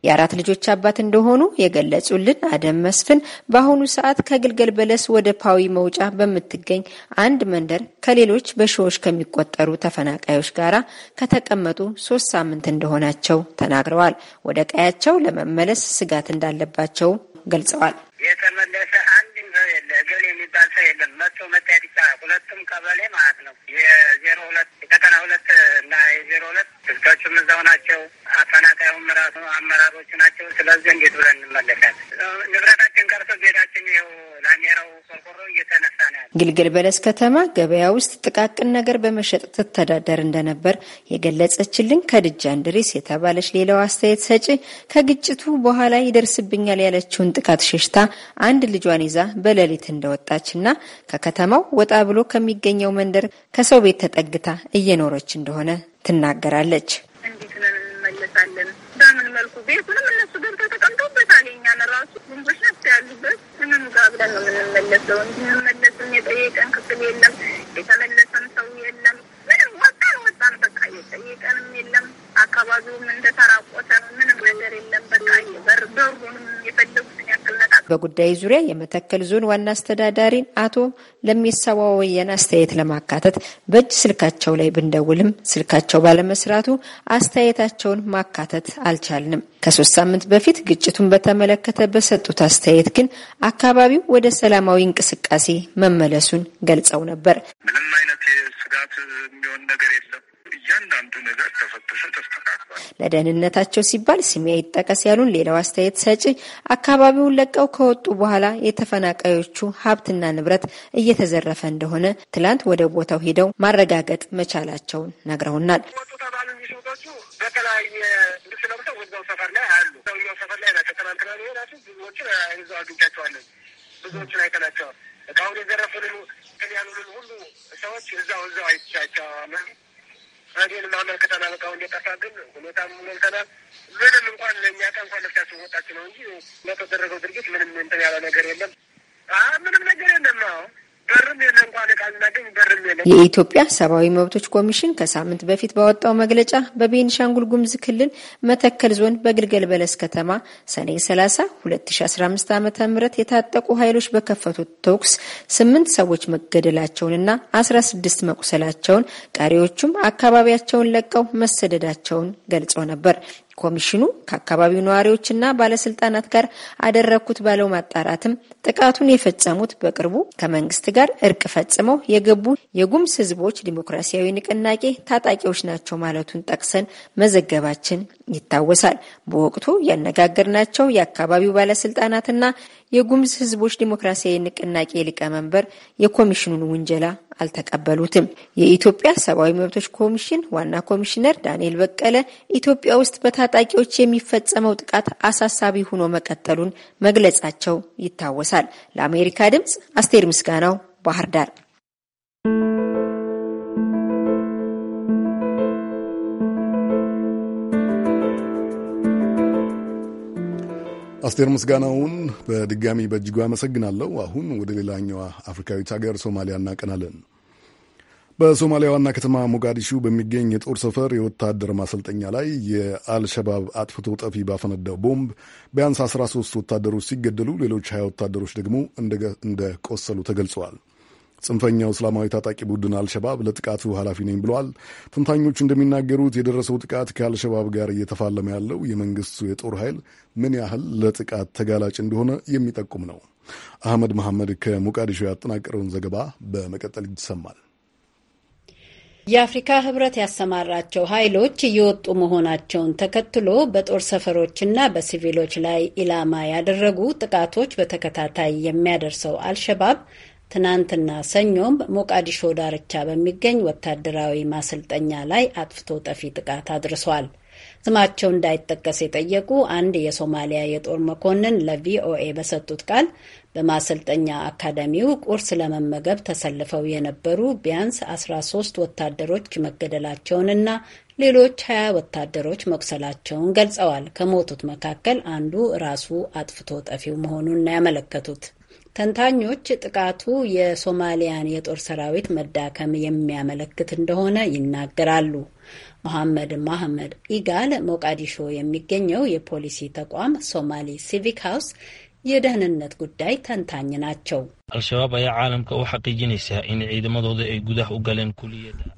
የአራት ልጆች አባት እንደሆኑ የገለጹልን አደም መስፍን በአሁኑ ሰዓት ከግልገል በለስ ወደ ፓዊ መውጫ በምትገኝ አንድ መንደር ከሌሎች በሺዎች ከሚቆጠሩ ተፈናቃዮች ጋራ ከተቀመጡ ሶስት ሳምንት እንደሆናቸው ተናግረዋል። ወደ ቀያቸው ለመመለስ ስጋት እንዳለባቸው ገልጸዋል። የተመለሰ አንድም ሰው የለ፣ እገሌ የሚባል ሰው የለም። መቶ መታየት ሁለቱም ቀበሌ ማለት ነው የዜሮ ሁለት የቀጠና ሁለት እና የዜሮ ሁለት ህዝቦቹም እዛው ናቸው። አፈናቃዩም ራሱ አመራሮች ናቸው። ስለዚህ እንዴት ብለን እንመለሳለን? ንብረታችን ቀርቶ ቤታችን ይኸው ላሜራው ቆርቆሮ እየተነሳ ነው ያለ። ግልገል በለስ ከተማ ገበያ ውስጥ ጥቃቅን ነገር በመሸጥ ትተዳደር እንደነበር የገለጸችልን ከድጃ እንድሪስ የተባለች ሌላው አስተያየት ሰጪ ከግጭቱ በኋላ ይደርስብኛል ያለችውን ጥቃት ሸሽታ አንድ ልጇን ይዛ በሌሊት እንደወጣች እና ከከተማው ወጣ ብሎ ከሚገኘው መንደር ከሰው ቤት ተጠግታ እየኖረች እንደሆነ ትናገራለች። እንዴት ነን እንመለሳለን? በምን መልኩ ቤቱንም እነሱ ገብተው ተቀምጠውበታል። የእኛን ራሱ ወንዞች ናቸው ያሉበት። ምንም ጋር ብለን ነው የምንመለሰው እንጂ የጠየቀን ክፍል የለም። የተመለሰም ሰው የለም። ሞልቷል። በቃ እየጠየቀንም የለም አካባቢውም እንደተራቆተ ምንም ነገር የለም። በቃ በር በሩንም የፈለጉትን ያክል ነጣ። ዙሪያ የመተከል ዞን ዋና አስተዳዳሪን አቶ ለሚሰዋ ወየን አስተያየት ለማካተት በእጅ ስልካቸው ላይ ብንደውልም ስልካቸው ባለመስራቱ አስተያየታቸውን ማካተት አልቻልንም። ከሶስት ሳምንት በፊት ግጭቱን በተመለከተ በሰጡት አስተያየት ግን አካባቢው ወደ ሰላማዊ እንቅስቃሴ መመለሱን ገልጸው ነበር። ምንም አይነት ስጋት የሚሆን ነገር እያንዳንዱ ነገር ተፈትሾ ተስተካክሏል። ለደህንነታቸው ሲባል ስሜ ይጠቀስ ያሉን ሌላው አስተያየት ሰጪ አካባቢውን ለቀው ከወጡ በኋላ የተፈናቃዮቹ ሀብትና ንብረት እየተዘረፈ እንደሆነ ትላንት ወደ ቦታው ሄደው ማረጋገጥ መቻላቸውን ነግረውናል። ሰዎች እዛው እዛው አይቻቸዋለን። ሀዲን ማመልክተን አለቃው እንደጠፋ ግን ሁኔታም መልሰናል። ምንም እንኳን ለእኛ ቀን እንኳን ነፍሳቸው ወጣች ነው እንጂ ለተደረገው ድርጊት ምንም እንትን ያለ ነገር የለም። ምንም ነገር የለም ነው በርም የለ እንኳን ካናገኝ በርም የለ። የኢትዮጵያ ሰብአዊ መብቶች ኮሚሽን ከሳምንት በፊት ባወጣው መግለጫ በቤንሻንጉል ጉምዝ ክልል መተከል ዞን በግልገል በለስ ከተማ ሰኔ 30 2015 ዓ ም የታጠቁ ኃይሎች በከፈቱት ተኩስ ስምንት ሰዎች መገደላቸውንና 16 መቁሰላቸውን ቀሪዎቹም አካባቢያቸውን ለቀው መሰደዳቸውን ገልጸው ነበር። ኮሚሽኑ ከአካባቢው ነዋሪዎችና ባለስልጣናት ጋር አደረግኩት ባለው ማጣራትም ጥቃቱን የፈጸሙት በቅርቡ ከመንግስት ጋር እርቅ ፈጽመው የገቡ የጉምዝ ህዝቦች ዲሞክራሲያዊ ንቅናቄ ታጣቂዎች ናቸው ማለቱን ጠቅሰን መዘገባችን ይታወሳል። በወቅቱ ያነጋገርናቸው የአካባቢው ባለስልጣናትና የጉምዝ ህዝቦች ዲሞክራሲያዊ ንቅናቄ ሊቀመንበር የኮሚሽኑን ውንጀላ አልተቀበሉትም። የኢትዮጵያ ሰብአዊ መብቶች ኮሚሽን ዋና ኮሚሽነር ዳንኤል በቀለ ኢትዮጵያ ውስጥ በታጣቂዎች የሚፈጸመው ጥቃት አሳሳቢ ሆኖ መቀጠሉን መግለጻቸው ይታወሳል። ለአሜሪካ ድምጽ አስቴር ምስጋናው ባህር ዳር አስቴር ምስጋናውን በድጋሚ በእጅጉ አመሰግናለሁ። አሁን ወደ ሌላኛዋ አፍሪካዊት ሀገር ሶማሊያ እናቀናለን። በሶማሊያ ዋና ከተማ ሞጋዲሹ በሚገኝ የጦር ሰፈር የወታደር ማሰልጠኛ ላይ የአልሸባብ አጥፍቶ ጠፊ ባፈነዳው ቦምብ ቢያንስ 13 ወታደሮች ሲገደሉ ሌሎች 20 ወታደሮች ደግሞ እንደቆሰሉ ተገልጸዋል። ጽንፈኛው እስላማዊ ታጣቂ ቡድን አልሸባብ ለጥቃቱ ኃላፊ ነኝ ብለዋል። ትንታኞቹ እንደሚናገሩት የደረሰው ጥቃት ከአልሸባብ ጋር እየተፋለመ ያለው የመንግስቱ የጦር ኃይል ምን ያህል ለጥቃት ተጋላጭ እንደሆነ የሚጠቁም ነው። አህመድ መሐመድ ከሞቃዲሾ ያጠናቀረውን ዘገባ በመቀጠል ይሰማል። የአፍሪካ ህብረት ያሰማራቸው ኃይሎች እየወጡ መሆናቸውን ተከትሎ በጦር ሰፈሮችና በሲቪሎች ላይ ኢላማ ያደረጉ ጥቃቶች በተከታታይ የሚያደርሰው አልሸባብ ትናንትና ሰኞም ሞቃዲሾ ዳርቻ በሚገኝ ወታደራዊ ማሰልጠኛ ላይ አጥፍቶ ጠፊ ጥቃት አድርሷል። ስማቸው እንዳይጠቀስ የጠየቁ አንድ የሶማሊያ የጦር መኮንን ለቪኦኤ በሰጡት ቃል በማሰልጠኛ አካዳሚው ቁርስ ለመመገብ ተሰልፈው የነበሩ ቢያንስ 13 ወታደሮች መገደላቸውንና ሌሎች 20 ወታደሮች መቁሰላቸውን ገልጸዋል። ከሞቱት መካከል አንዱ ራሱ አጥፍቶ ጠፊው መሆኑን ያመለከቱት ተንታኞች ጥቃቱ የሶማሊያን የጦር ሰራዊት መዳከም የሚያመለክት እንደሆነ ይናገራሉ። መሐመድ ማህመድ ኢጋል ሞቃዲሾ የሚገኘው የፖሊሲ ተቋም ሶማሊ ሲቪክ ሃውስ የደህንነት ጉዳይ ተንታኝ ናቸው። አልሸባብ አያ ዓለምከ ኡ ኢን ዒድመዶደ ጉዳህ ኡገለን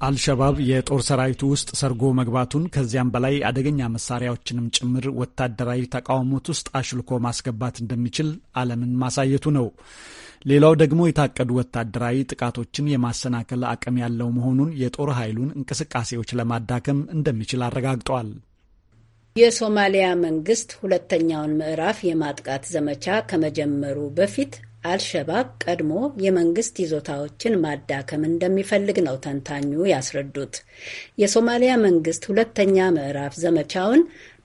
አልሸባብ የጦር ሰራዊቱ ውስጥ ሰርጎ መግባቱን ከዚያም በላይ አደገኛ መሳሪያዎችንም ጭምር ወታደራዊ ተቃውሞት ውስጥ አሽልኮ ማስገባት እንደሚችል ዓለምን ማሳየቱ ነው። ሌላው ደግሞ የታቀዱ ወታደራዊ ጥቃቶችን የማሰናከል አቅም ያለው መሆኑን የጦር ኃይሉን እንቅስቃሴዎች ለማዳከም እንደሚችል አረጋግጠዋል። የሶማሊያ መንግስት ሁለተኛውን ምዕራፍ የማጥቃት ዘመቻ ከመጀመሩ በፊት አልሸባብ ቀድሞ የመንግስት ይዞታዎችን ማዳከም እንደሚፈልግ ነው ተንታኙ ያስረዱት። የሶማሊያ መንግስት ሁለተኛ ምዕራፍ ዘመቻውን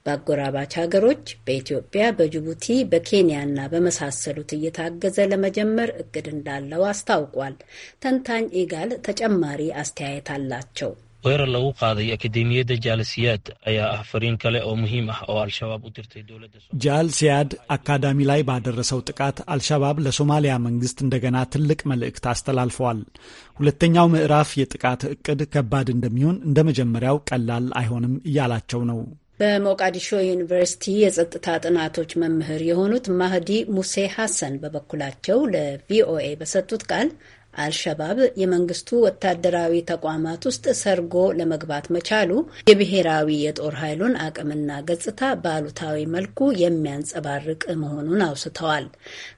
በአጎራባች ሀገሮች በኢትዮጵያ፣ በጅቡቲ፣ በኬንያና በመሳሰሉት እየታገዘ ለመጀመር እቅድ እንዳለው አስታውቋል። ተንታኝ ኢጋል ተጨማሪ አስተያየት አላቸው። weerar lagu qaaday akademiyadda jaalsiyaad ayaa ah fariin kale oo muhiim ah oo al-shabaab u dirtay dowladda ጃልሲያድ አካዳሚ ላይ ባደረሰው ጥቃት አልሻባብ ለሶማሊያ መንግስት እንደገና ትልቅ መልእክት አስተላልፈዋል። ሁለተኛው ምዕራፍ የጥቃት እቅድ ከባድ እንደሚሆን እንደ መጀመሪያው ቀላል አይሆንም እያላቸው ነው። በሞቃዲሾ ዩኒቨርሲቲ የጸጥታ ጥናቶች መምህር የሆኑት ማህዲ ሙሴ ሐሰን በበኩላቸው ለቪኦኤ በሰጡት ቃል አልሸባብ የመንግስቱ ወታደራዊ ተቋማት ውስጥ ሰርጎ ለመግባት መቻሉ የብሔራዊ የጦር ኃይሉን አቅምና ገጽታ በአሉታዊ መልኩ የሚያንጸባርቅ መሆኑን አውስተዋል።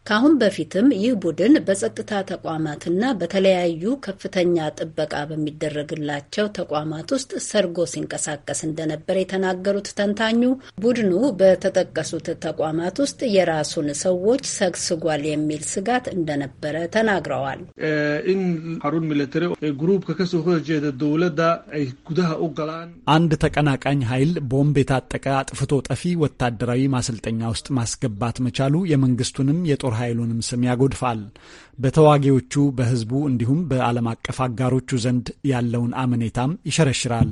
ከአሁን በፊትም ይህ ቡድን በጸጥታ ተቋማትና በተለያዩ ከፍተኛ ጥበቃ በሚደረግላቸው ተቋማት ውስጥ ሰርጎ ሲንቀሳቀስ እንደነበር የተናገሩት ተንታኙ ቡድኑ በተጠቀሱት ተቋማት ውስጥ የራሱን ሰዎች ሰግስጓል የሚል ስጋት እንደነበረ ተናግረዋል። አንድ ተቀናቃኝ ኃይል ቦምብ የታጠቀ አጥፍቶ ጠፊ ወታደራዊ ማሰልጠኛ ውስጥ ማስገባት መቻሉ የመንግስቱንም የጦር ኃይሉንም ስም ያጎድፋል። በተዋጊዎቹ፣ በህዝቡ እንዲሁም በዓለም አቀፍ አጋሮቹ ዘንድ ያለውን አመኔታም ይሸረሽራል።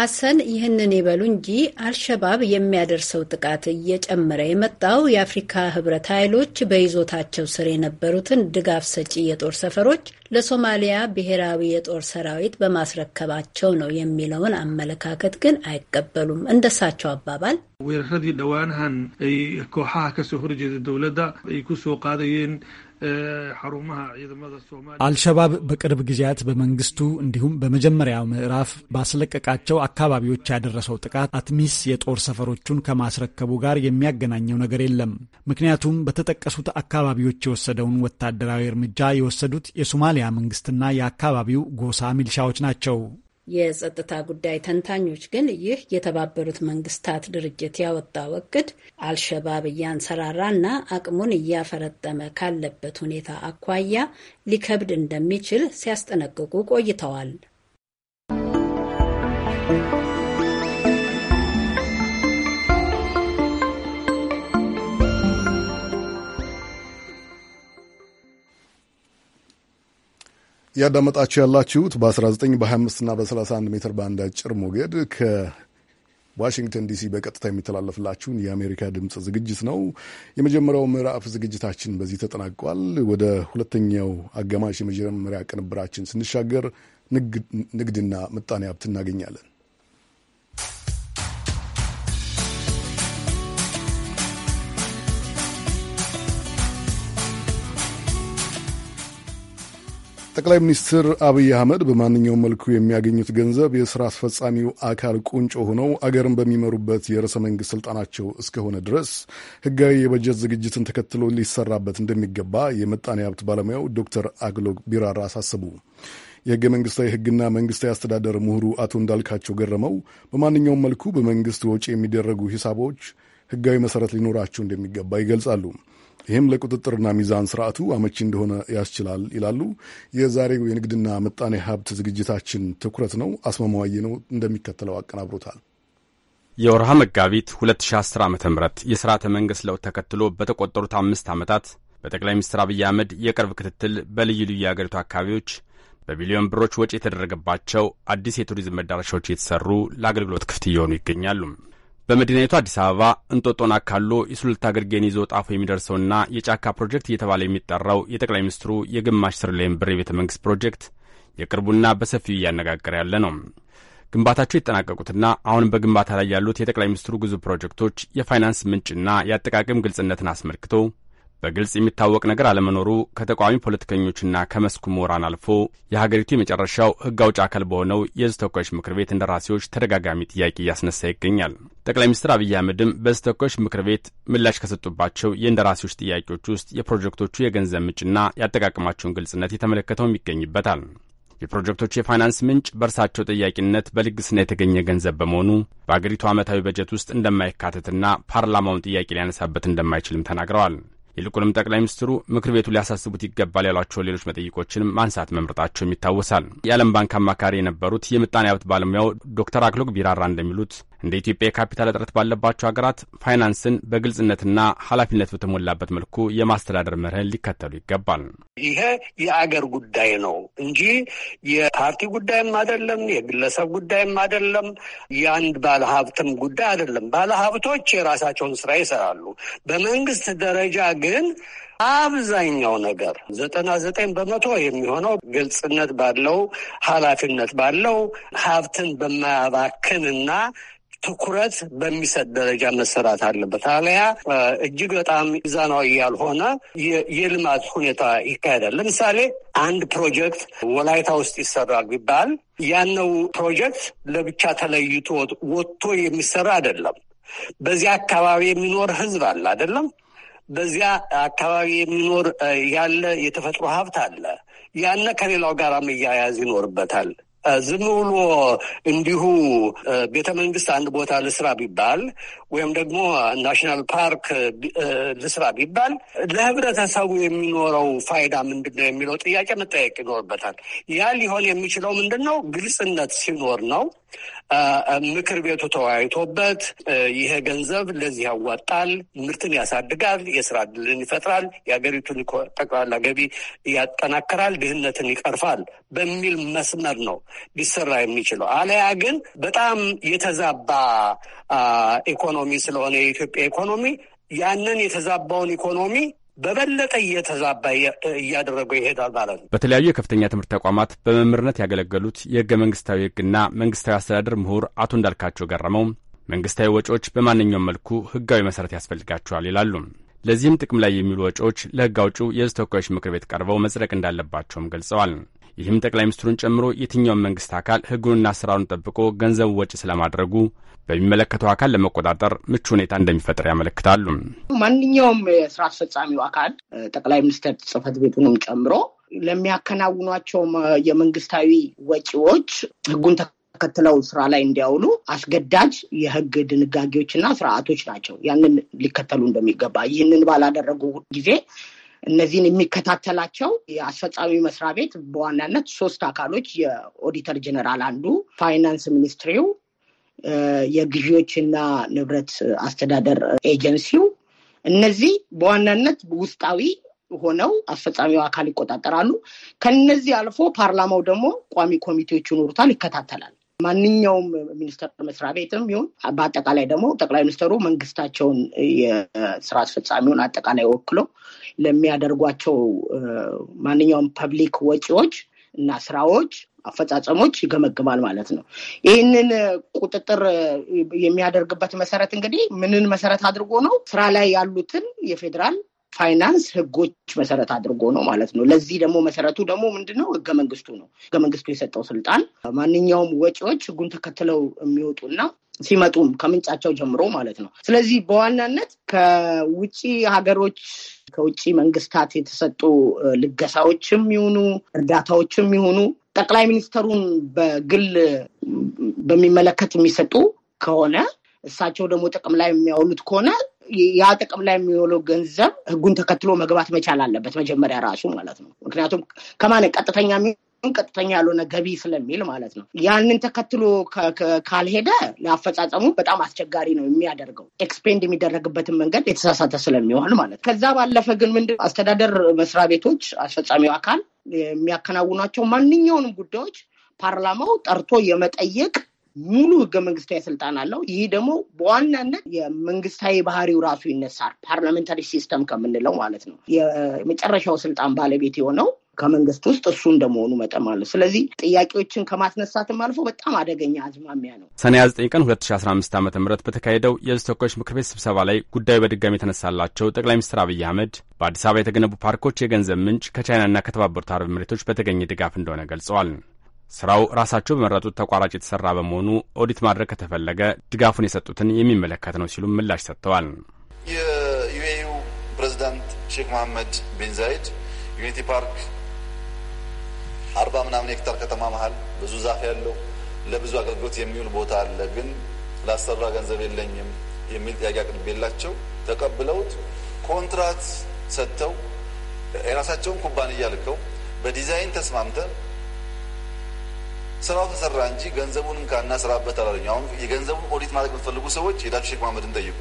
ሐሰን ይህንን ይበሉ እንጂ አልሸባብ የሚያደርሰው ጥቃት እየጨመረ የመጣው የአፍሪካ ህብረት ኃይሎች በይዞታቸው ስር የነበሩትን ድጋፍ ሰጪ የጦር ሰፈሮች ለሶማሊያ ብሔራዊ የጦር ሰራዊት በማስረከባቸው ነው የሚለውን አመለካከት ግን አይቀበሉም። እንደሳቸው አባባል ወረረዲ ደዋንሃን ኮሓ ከሶ ሁርጀ ደውለዳ ኩሶ ቃደየን አልሸባብ በቅርብ ጊዜያት በመንግስቱ እንዲሁም በመጀመሪያው ምዕራፍ ባስለቀቃቸው አካባቢዎች ያደረሰው ጥቃት አትሚስ የጦር ሰፈሮቹን ከማስረከቡ ጋር የሚያገናኘው ነገር የለም። ምክንያቱም በተጠቀሱት አካባቢዎች የወሰደውን ወታደራዊ እርምጃ የወሰዱት የሶማሊያ መንግስትና የአካባቢው ጎሳ ሚልሻዎች ናቸው። የጸጥታ ጉዳይ ተንታኞች ግን ይህ የተባበሩት መንግስታት ድርጅት ያወጣው እቅድ አልሸባብ እያንሰራራና አቅሙን እያፈረጠመ ካለበት ሁኔታ አኳያ ሊከብድ እንደሚችል ሲያስጠነቅቁ ቆይተዋል። እያዳመጣችሁ ያላችሁት በ19 በ25 እና በ31 ሜትር ባንድ አጭር ሞገድ ከዋሽንግተን ዲሲ በቀጥታ የሚተላለፍላችሁን የአሜሪካ ድምፅ ዝግጅት ነው። የመጀመሪያው ምዕራፍ ዝግጅታችን በዚህ ተጠናቋል። ወደ ሁለተኛው አጋማሽ የመጀመሪያ ቅንብራችን ስንሻገር ንግድና ምጣኔ ሀብት እናገኛለን። ጠቅላይ ሚኒስትር አብይ አህመድ በማንኛውም መልኩ የሚያገኙት ገንዘብ የሥራ አስፈጻሚው አካል ቁንጮ ሆነው አገርን በሚመሩበት የርዕሰ መንግሥት ሥልጣናቸው እስከሆነ ድረስ ሕጋዊ የበጀት ዝግጅትን ተከትሎ ሊሰራበት እንደሚገባ የምጣኔ ሀብት ባለሙያው ዶክተር አግሎግ ቢራራ አሳስቡ። የሕገ መንግሥታዊ ሕግና መንግሥታዊ አስተዳደር ምሁሩ አቶ እንዳልካቸው ገረመው በማንኛውም መልኩ በመንግሥት ወጪ የሚደረጉ ሂሳቦች ሕጋዊ መሠረት ሊኖራቸው እንደሚገባ ይገልጻሉ። ይህም ለቁጥጥርና ሚዛን ስርዓቱ አመቺ እንደሆነ ያስችላል ይላሉ። የዛሬው የንግድና ምጣኔ ሀብት ዝግጅታችን ትኩረት ነው። አስማማዋዬ ነው እንደሚከተለው አቀናብሮታል። የወርሃ መጋቢት 2010 ዓ ም የሥርዓተ መንግሥት ለውጥ ተከትሎ በተቆጠሩት አምስት ዓመታት በጠቅላይ ሚኒስትር አብይ አህመድ የቅርብ ክትትል በልዩ ልዩ የአገሪቱ አካባቢዎች በቢሊዮን ብሮች ወጪ የተደረገባቸው አዲስ የቱሪዝም መዳረሻዎች እየተሰሩ ለአገልግሎት ክፍት እየሆኑ ይገኛሉ። በመዲናይቱ አዲስ አበባ እንጦጦን አካሎ የሱሉልታ ግርጌን ይዞ ጣፎ የሚደርሰውና የጫካ ፕሮጀክት እየተባለ የሚጠራው የጠቅላይ ሚኒስትሩ የግማሽ ትሪሊየን ብር የቤተ መንግሥት ፕሮጀክት የቅርቡና በሰፊው እያነጋገረ ያለ ነው። ግንባታቸው የተጠናቀቁትና አሁን በግንባታ ላይ ያሉት የጠቅላይ ሚኒስትሩ ግዙፍ ፕሮጀክቶች የፋይናንስ ምንጭና የአጠቃቀም ግልጽነትን አስመልክቶ በግልጽ የሚታወቅ ነገር አለመኖሩ ከተቃዋሚ ፖለቲከኞችና ከመስኩ ምሁራን አልፎ የሀገሪቱ የመጨረሻው ሕግ አውጭ አካል በሆነው የሕዝብ ተወካዮች ምክር ቤት እንደራሴዎች ተደጋጋሚ ጥያቄ እያስነሳ ይገኛል። ጠቅላይ ሚኒስትር አብይ አህመድም በዚህ ምክር ቤት ምላሽ ከሰጡባቸው የእንደራሴዎች ጥያቄዎች ውስጥ የፕሮጀክቶቹ የገንዘብ ምንጭና ያጠቃቀማቸውን ግልጽነት የተመለከተውም ይገኝበታል። የፕሮጀክቶቹ የፋይናንስ ምንጭ በእርሳቸው ጠያቂነት በልግስና የተገኘ ገንዘብ በመሆኑ በአገሪቱ ዓመታዊ በጀት ውስጥ እንደማይካተትና ፓርላማውን ጥያቄ ሊያነሳበት እንደማይችልም ተናግረዋል። ይልቁንም ጠቅላይ ሚኒስትሩ ምክር ቤቱ ሊያሳስቡት ይገባል ያሏቸው ሌሎች መጠይቆችንም ማንሳት መምረጣቸውም ይታወሳል። የዓለም ባንክ አማካሪ የነበሩት የምጣኔ ሀብት ባለሙያው ዶክተር አክሎግ ቢራራ እንደሚሉት እንደ ኢትዮጵያ የካፒታል እጥረት ባለባቸው ሀገራት ፋይናንስን በግልጽነትና ኃላፊነት በተሞላበት መልኩ የማስተዳደር መርህን ሊከተሉ ይገባል። ይሄ የአገር ጉዳይ ነው እንጂ የፓርቲ ጉዳይም አይደለም፣ የግለሰብ ጉዳይም አይደለም፣ የአንድ ባለሀብትም ጉዳይ አይደለም። ባለሀብቶች የራሳቸውን ስራ ይሰራሉ። በመንግስት ደረጃ ግን አብዛኛው ነገር ዘጠና ዘጠኝ በመቶ የሚሆነው ግልጽነት ባለው ኃላፊነት ባለው ሀብትን በማያባክንና ትኩረት በሚሰጥ ደረጃ መሰራት አለበት። አለያ እጅግ በጣም ሚዛናዊ ያልሆነ የልማት ሁኔታ ይካሄዳል። ለምሳሌ አንድ ፕሮጀክት ወላይታ ውስጥ ይሰራል ቢባል ያነው ፕሮጀክት ለብቻ ተለይቶ ወጥቶ የሚሰራ አይደለም። በዚያ አካባቢ የሚኖር ህዝብ አለ አይደለም። በዚያ አካባቢ የሚኖር ያለ የተፈጥሮ ሀብት አለ። ያነ ከሌላው ጋር መያያዝ ይኖርበታል። ዝም ብሎ እንዲሁ ቤተ መንግስት አንድ ቦታ ልስራ ቢባል ወይም ደግሞ ናሽናል ፓርክ ልስራ ቢባል ለህብረተሰቡ የሚኖረው ፋይዳ ምንድን ነው የሚለው ጥያቄ መጠየቅ ይኖርበታል። ያ ሊሆን የሚችለው ምንድን ነው? ግልጽነት ሲኖር ነው። ምክር ቤቱ ተወያይቶበት ይሄ ገንዘብ ለዚህ ያዋጣል፣ ምርትን ያሳድጋል፣ የስራ እድልን ይፈጥራል፣ የሀገሪቱን ጠቅላላ ገቢ ያጠናክራል፣ ድህነትን ይቀርፋል በሚል መስመር ነው ሊሰራ የሚችለው። አለያ ግን በጣም የተዛባ ኢኮኖሚ ስለሆነ የኢትዮጵያ ኢኮኖሚ ያንን የተዛባውን ኢኮኖሚ በበለጠ እየተዛባ እያደረገው ይሄዳል ማለት ነው። በተለያዩ የከፍተኛ ትምህርት ተቋማት በመምህርነት ያገለገሉት የህገ መንግስታዊ ህግና መንግስታዊ አስተዳደር ምሁር አቶ እንዳልካቸው ገረመው መንግስታዊ ወጪዎች በማንኛውም መልኩ ህጋዊ መሰረት ያስፈልጋቸዋል ይላሉ። ለዚህም ጥቅም ላይ የሚውሉ ወጪዎች ለህግ አውጪው የህዝብ ተወካዮች ምክር ቤት ቀርበው መጽደቅ እንዳለባቸውም ገልጸዋል። ይህም ጠቅላይ ሚኒስትሩን ጨምሮ የትኛውን መንግስት አካል ህጉንና ስራውን ጠብቆ ገንዘቡ ወጪ ስለማድረጉ በሚመለከተው አካል ለመቆጣጠር ምቹ ሁኔታ እንደሚፈጥር ያመለክታሉ። ማንኛውም የስራ አስፈጻሚው አካል ጠቅላይ ሚኒስትር ጽህፈት ቤቱንም ጨምሮ ለሚያከናውኗቸው የመንግስታዊ ወጪዎች ህጉን ተከትለው ስራ ላይ እንዲያውሉ አስገዳጅ የህግ ድንጋጌዎችና ስርዓቶች ናቸው። ያንን ሊከተሉ እንደሚገባ ይህንን ባላደረጉ ጊዜ እነዚህን የሚከታተላቸው የአስፈጻሚ መስሪያ ቤት በዋናነት ሶስት አካሎች የኦዲተር ጀነራል አንዱ፣ ፋይናንስ ሚኒስትሪው፣ የግዢዎችና ንብረት አስተዳደር ኤጀንሲው እነዚህ በዋናነት ውስጣዊ ሆነው አስፈጻሚው አካል ይቆጣጠራሉ። ከነዚህ አልፎ ፓርላማው ደግሞ ቋሚ ኮሚቴዎች ይኖሩታል፣ ይከታተላል። ማንኛውም ሚኒስቴር መስሪያ ቤትም ይሁን በአጠቃላይ ደግሞ ጠቅላይ ሚኒስትሩ መንግስታቸውን የስራ አስፈጻሚውን አጠቃላይ ወክሎ ለሚያደርጓቸው ማንኛውም ፐብሊክ ወጪዎች እና ስራዎች አፈጻጸሞች ይገመግማል ማለት ነው። ይህንን ቁጥጥር የሚያደርግበት መሰረት እንግዲህ ምንን መሰረት አድርጎ ነው? ስራ ላይ ያሉትን የፌዴራል ፋይናንስ ህጎች መሰረት አድርጎ ነው ማለት ነው። ለዚህ ደግሞ መሰረቱ ደግሞ ምንድነው? ህገ መንግስቱ ነው። ህገ መንግስቱ የሰጠው ስልጣን ማንኛውም ወጪዎች ህጉን ተከትለው የሚወጡና ሲመጡም ከምንጫቸው ጀምሮ ማለት ነው። ስለዚህ በዋናነት ከውጭ ሀገሮች ከውጭ መንግስታት የተሰጡ ልገሳዎችም ይሁኑ እርዳታዎችም ይሁኑ ጠቅላይ ሚኒስትሩን በግል በሚመለከት የሚሰጡ ከሆነ እሳቸው ደግሞ ጥቅም ላይ የሚያውሉት ከሆነ ያ ጥቅም ላይ የሚውለው ገንዘብ ህጉን ተከትሎ መግባት መቻል አለበት መጀመሪያ ራሱ ማለት ነው። ምክንያቱም ከማን ቀጥተኛ ቀጥተኛ ያልሆነ ገቢ ስለሚል ማለት ነው። ያንን ተከትሎ ካልሄደ ለአፈጻጸሙ በጣም አስቸጋሪ ነው የሚያደርገው ኤክስፔንድ የሚደረግበትን መንገድ የተሳሳተ ስለሚሆን ማለት ከዛ ባለፈ ግን ምንድን አስተዳደር መስሪያ ቤቶች አስፈጻሚው አካል የሚያከናውኗቸው ማንኛውንም ጉዳዮች ፓርላማው ጠርቶ የመጠየቅ ሙሉ ህገ መንግስታዊ ስልጣን አለው። ይህ ደግሞ በዋናነት የመንግስታዊ ባህሪው ራሱ ይነሳል። ፓርላሜንታሪ ሲስተም ከምንለው ማለት ነው። የመጨረሻው ስልጣን ባለቤት የሆነው ከመንግስት ውስጥ እሱ እንደመሆኑ መጠን ማለት ስለዚህ ጥያቄዎችን ከማስነሳትም አልፎ በጣም አደገኛ አዝማሚያ ነው። ሰኔ 29 ቀን 2015 ዓ ም በተካሄደው የህዝብ ተወካዮች ምክር ቤት ስብሰባ ላይ ጉዳዩ በድጋሚ የተነሳላቸው ጠቅላይ ሚኒስትር አብይ አህመድ በአዲስ አበባ የተገነቡ ፓርኮች የገንዘብ ምንጭ ከቻይናና ከተባበሩት አረብ ኤሚሬቶች በተገኘ ድጋፍ እንደሆነ ገልጸዋል። ስራው ራሳቸው በመረጡት ተቋራጭ የተሰራ በመሆኑ ኦዲት ማድረግ ከተፈለገ ድጋፉን የሰጡትን የሚመለከት ነው ሲሉም ምላሽ ሰጥተዋል። የዩኤዩ ፕሬዚዳንት ሼክ መሐመድ ቢን ዛይድ ዩኒቲ ፓርክ አርባ ምናምን ሄክታር ከተማ መሀል ብዙ ዛፍ ያለው ለብዙ አገልግሎት የሚውል ቦታ አለ፣ ግን ላሰራ ገንዘብ የለኝም የሚል ጥያቄ አቅርቤላቸው ተቀብለውት ኮንትራት ሰጥተው የራሳቸውን ኩባንያ ልከው በዲዛይን ተስማምተ ስራው ተሰራ እንጂ ገንዘቡን እንካና ስራበት አላለኝ። አሁን የገንዘቡን ኦዲት ማድረግ የምትፈልጉ ሰዎች ሄዳችሁ ሼክ መሀመድን ጠይቁ።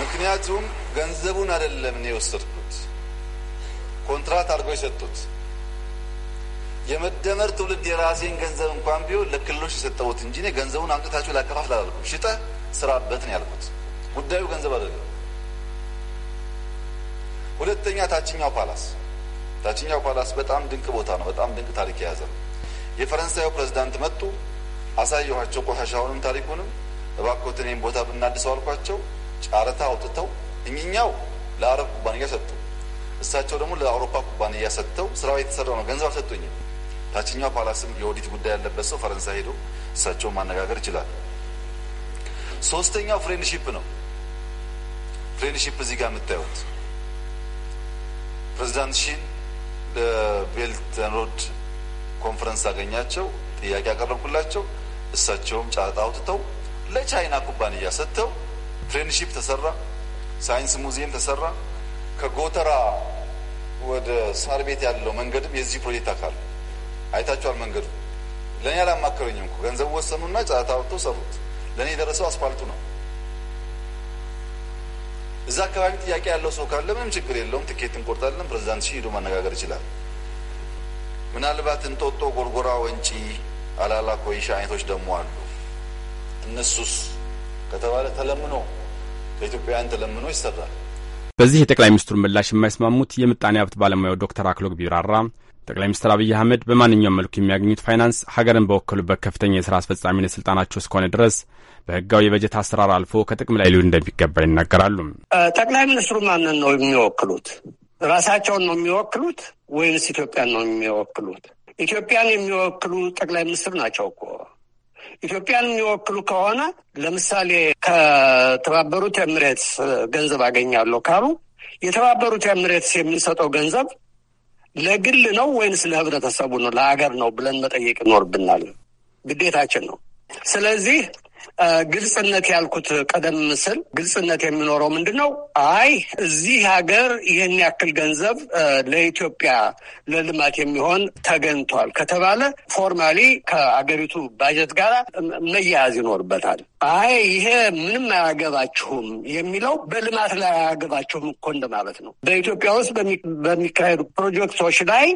ምክንያቱም ገንዘቡን አይደለም እኔ የወሰድኩት፣ ኮንትራት አድርገው የሰጡት የመደመር ትውልድ የራሴን ገንዘብ እንኳን ቢሆን ለክልሎች የሰጠሁት እንጂ ገንዘቡን አምጥታችሁ ላከፋፍል አላልኩም። ሽጠህ ስራበት ነው ያልኩት። ጉዳዩ ገንዘብ አይደለም። ሁለተኛ ታችኛው ፓላስ ታችኛው ፓላስ በጣም ድንቅ ቦታ ነው። በጣም ድንቅ ታሪክ የያዘ ነው። የፈረንሳዩ ፕሬዚዳንት መጡ፣ አሳየኋቸው ቆሻሻውንም ታሪኩንም። እባክዎትን ቦታ ብናድሰው አልኳቸው። ጨረታ አውጥተው እኝኛው ለአረብ ኩባንያ ሰጡ፣ እሳቸው ደግሞ ለአውሮፓ ኩባንያ ሰጥተው ስራው የተሰራው ነው። ገንዘብ አልሰጡኝም። ታችኛው ፓላስም የኦዲት ጉዳይ ያለበት ሰው ፈረንሳይ ሄዶ እሳቸውን ማነጋገር ይችላል። ሶስተኛው ፍሬንድሺፕ ነው። ፍሬንድሺፕ እዚህ ጋር የምታዩት ፕሬዚዳንት ሺን በቤልት ሮድ ኮንፈረንስ አገኛቸው፣ ጥያቄ ያቀረብኩላቸው፣ እሳቸውም ጫጣ አውጥተው ለቻይና ኩባንያ ሰጥተው ፍሬንድሺፕ ተሰራ፣ ሳይንስ ሙዚየም ተሰራ። ከጎተራ ወደ ሳር ቤት ያለው መንገድም የዚህ ፕሮጀክት አካል አይታችኋል። መንገዱ ለእኔ አላማከረኝም እኮ ገንዘቡ ወሰኑና ጫታ አውጥተው ሰሩት። ለእኔ የደረሰው አስፋልቱ ነው። እዛ አካባቢ ጥያቄ ያለው ሰው ካለ ምንም ችግር የለውም፣ ትኬት እንቆርጣለን። ፕሬዚዳንት ሺ ሄዶ ማነጋገር ይችላል። ምናልባት እንጦጦ፣ ጎርጎራ፣ ወንጪ፣ አላላ፣ ኮይሻ አይነቶች ደግሞ አሉ። እነሱስ ከተባለ ተለምኖ ከኢትዮጵያውያን ተለምኖ ይሰራል። በዚህ የጠቅላይ ሚኒስትሩ ምላሽ የማይስማሙት የምጣኔ ሀብት ባለሙያው ዶክተር አክሎግ ቢራራ ጠቅላይ ሚኒስትር አብይ አህመድ በማንኛውም መልኩ የሚያገኙት ፋይናንስ ሀገርን በወከሉበት ከፍተኛ የሥራ አስፈጻሚነት ሥልጣናቸው እስከሆነ ድረስ በሕጋዊ የበጀት አሰራር አልፎ ከጥቅም ላይ ሊውል እንደሚገባ ይናገራሉ። ጠቅላይ ሚኒስትሩ ማንን ነው የሚወክሉት? ራሳቸውን ነው የሚወክሉት ወይንስ ኢትዮጵያን ነው የሚወክሉት? ኢትዮጵያን የሚወክሉ ጠቅላይ ሚኒስትር ናቸው እኮ። ኢትዮጵያን የሚወክሉ ከሆነ ለምሳሌ ከተባበሩት ኤምሬትስ ገንዘብ አገኛለሁ ካሉ የተባበሩት ኤምሬትስ የሚሰጠው ገንዘብ ለግል ነው ወይንስ ለህብረተሰቡ ነው ለሀገር ነው ብለን መጠየቅ ይኖርብናል፣ ግዴታችን ነው። ስለዚህ ግልጽነት ያልኩት ቀደም ስል ግልጽነት የሚኖረው ምንድን ነው? አይ እዚህ ሀገር ይህን ያክል ገንዘብ ለኢትዮጵያ ለልማት የሚሆን ተገኝቷል ከተባለ ፎርማሊ ከአገሪቱ ባጀት ጋር መያያዝ ይኖርበታል። አይ ይሄ ምንም አያገባችሁም የሚለው በልማት ላይ አያገባችሁም እኮ እንደማለት ነው። በኢትዮጵያ ውስጥ በሚካሄዱ ፕሮጀክቶች ላይ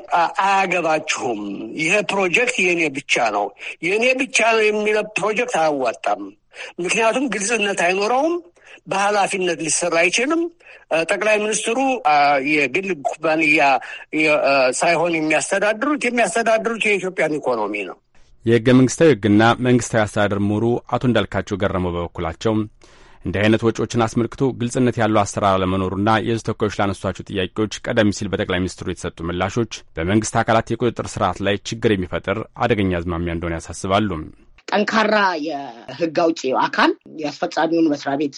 አያገባችሁም፣ ይሄ ፕሮጀክት የኔ ብቻ ነው፣ የኔ ብቻ ነው የሚለው ፕሮጀክት አያዋጣም። ምክንያቱም ግልጽነት አይኖረውም። በኃላፊነት ሊሰራ አይችልም። ጠቅላይ ሚኒስትሩ የግል ኩባንያ ሳይሆን የሚያስተዳድሩት የሚያስተዳድሩት የኢትዮጵያን ኢኮኖሚ ነው። የህገ መንግስታዊ ህግና መንግስታዊ አስተዳደር ምሁሩ አቶ እንዳልካቸው ገረመው በበኩላቸው እንዲህ አይነት ወጪዎችን አስመልክቶ ግልጽነት ያለው አሰራር አለመኖሩና የህዝብ ተወካዮች ላነሷቸው ጥያቄዎች ቀደም ሲል በጠቅላይ ሚኒስትሩ የተሰጡ ምላሾች በመንግስት አካላት የቁጥጥር ስርዓት ላይ ችግር የሚፈጥር አደገኛ አዝማሚያ እንደሆነ ያሳስባሉ። ጠንካራ የህግ አውጪ አካል የአስፈጻሚውን መስሪያ ቤት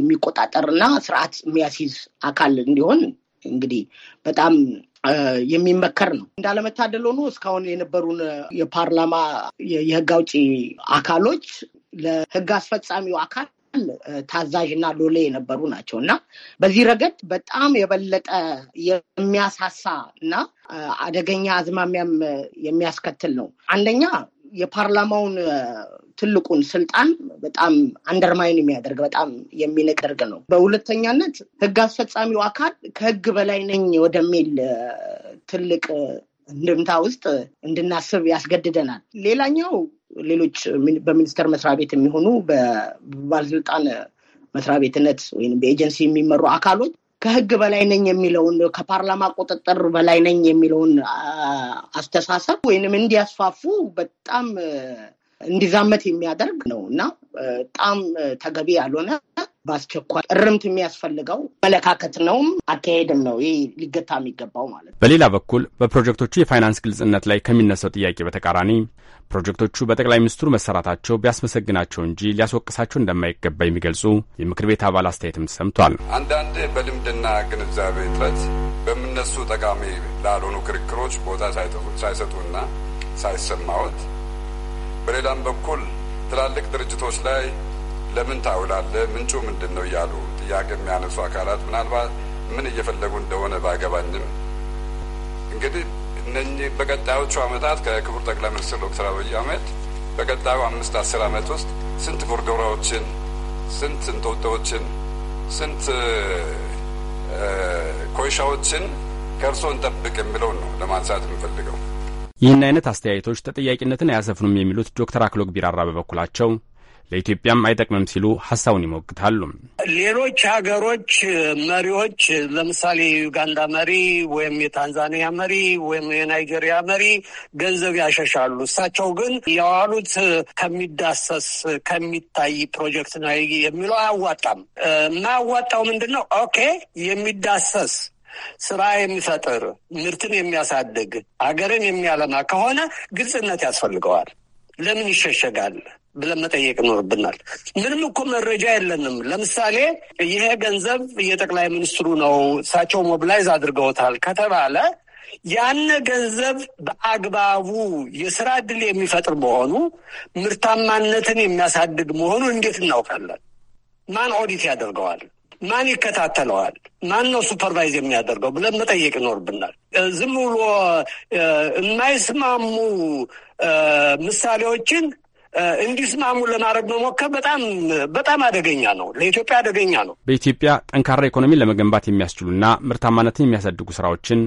የሚቆጣጠርና ስርዓት የሚያስይዝ አካል እንዲሆን እንግዲህ በጣም የሚመከር ነው። እንዳለመታደል ሆኖ እስካሁን የነበሩን የፓርላማ የህግ አውጪ አካሎች ለህግ አስፈጻሚው አካል ታዛዥ እና ሎሌ የነበሩ ናቸው እና በዚህ ረገድ በጣም የበለጠ የሚያሳሳ እና አደገኛ አዝማሚያም የሚያስከትል ነው። አንደኛ የፓርላማውን ትልቁን ስልጣን በጣም አንደርማይን የሚያደርግ በጣም የሚንቅርግ ነው። በሁለተኛነት ህግ አስፈጻሚው አካል ከህግ በላይ ነኝ ወደሚል ትልቅ እንድምታ ውስጥ እንድናስብ ያስገድደናል። ሌላኛው ሌሎች በሚኒስቴር መስሪያ ቤት የሚሆኑ በባለስልጣን መስሪያ ቤትነት ወይም በኤጀንሲ የሚመሩ አካሎች ከህግ በላይ ነኝ የሚለውን ከፓርላማ ቁጥጥር በላይ ነኝ የሚለውን አስተሳሰብ ወይንም እንዲያስፋፉ በጣም እንዲዛመት የሚያደርግ ነው እና በጣም ተገቢ ያልሆነ በአስቸኳይ እርምት የሚያስፈልገው አመለካከት ነውም አካሄድም ነው። ይህ ሊገታ የሚገባው ማለት ነው። በሌላ በኩል በፕሮጀክቶቹ የፋይናንስ ግልጽነት ላይ ከሚነሳው ጥያቄ በተቃራኒ ፕሮጀክቶቹ በጠቅላይ ሚኒስትሩ መሰራታቸው ቢያስመሰግናቸው እንጂ ሊያስወቅሳቸው እንደማይገባ የሚገልጹ የምክር ቤት አባል አስተያየትም ሰምቷል። አንዳንድ በልምድና ግንዛቤ እጥረት በምነሱ ጠቃሚ ላልሆኑ ክርክሮች ቦታ ሳይሰጡና ሳይሰማወት፣ በሌላም በኩል ትላልቅ ድርጅቶች ላይ ለምን ታውላለ? ምንጩ ምንድን ነው? እያሉ ጥያቄ የሚያነሱ አካላት ምናልባት ምን እየፈለጉ እንደሆነ ባገባኝም እንግዲህ እነኚህ በቀጣዮቹ አመታት ከክቡር ጠቅላይ ሚኒስትር ዶክተር አብይ አህመድ በቀጣዩ አምስት አስር ዓመት ውስጥ ስንት ጎርጎራዎችን ስንት እንጦጦዎችን፣ ስንት ኮይሻዎችን ከእርሶ እንጠብቅ የሚለውን ነው ለማንሳት የምፈልገው። ይህን አይነት አስተያየቶች ተጠያቂነትን አያሰፍኑም የሚሉት ዶክተር አክሎግ ቢራራ በበኩላቸው ለኢትዮጵያም አይጠቅምም ሲሉ ሀሳቡን ይሞግታሉ። ሌሎች ሀገሮች መሪዎች ለምሳሌ የዩጋንዳ መሪ ወይም የታንዛኒያ መሪ ወይም የናይጄሪያ መሪ ገንዘብ ያሸሻሉ። እሳቸው ግን የዋሉት ከሚዳሰስ ከሚታይ ፕሮጀክት ነው የሚለው አያዋጣም። የማያዋጣው ምንድን ነው? ኦኬ የሚዳሰስ ስራ የሚፈጥር ምርትን የሚያሳድግ ሀገርን የሚያለማ ከሆነ ግልጽነት ያስፈልገዋል። ለምን ይሸሸጋል? ብለን መጠየቅ ይኖርብናል። ምንም እኮ መረጃ የለንም። ለምሳሌ ይሄ ገንዘብ የጠቅላይ ሚኒስትሩ ነው፣ እሳቸው ሞብላይዝ አድርገውታል ከተባለ ያነ ገንዘብ በአግባቡ የስራ እድል የሚፈጥር መሆኑ ምርታማነትን የሚያሳድግ መሆኑ እንዴት እናውቃለን? ማን ኦዲት ያደርገዋል? ማን ይከታተለዋል? ማን ነው ሱፐርቫይዝ የሚያደርገው ብለን መጠየቅ ይኖርብናል። ዝም ብሎ የማይስማሙ ምሳሌዎችን እንዲስማሙ ለማድረግ መሞከር በጣም በጣም አደገኛ ነው፣ ለኢትዮጵያ አደገኛ ነው። በኢትዮጵያ ጠንካራ ኢኮኖሚን ለመገንባት የሚያስችሉና ምርታማነትን የሚያሳድጉ ስራዎችን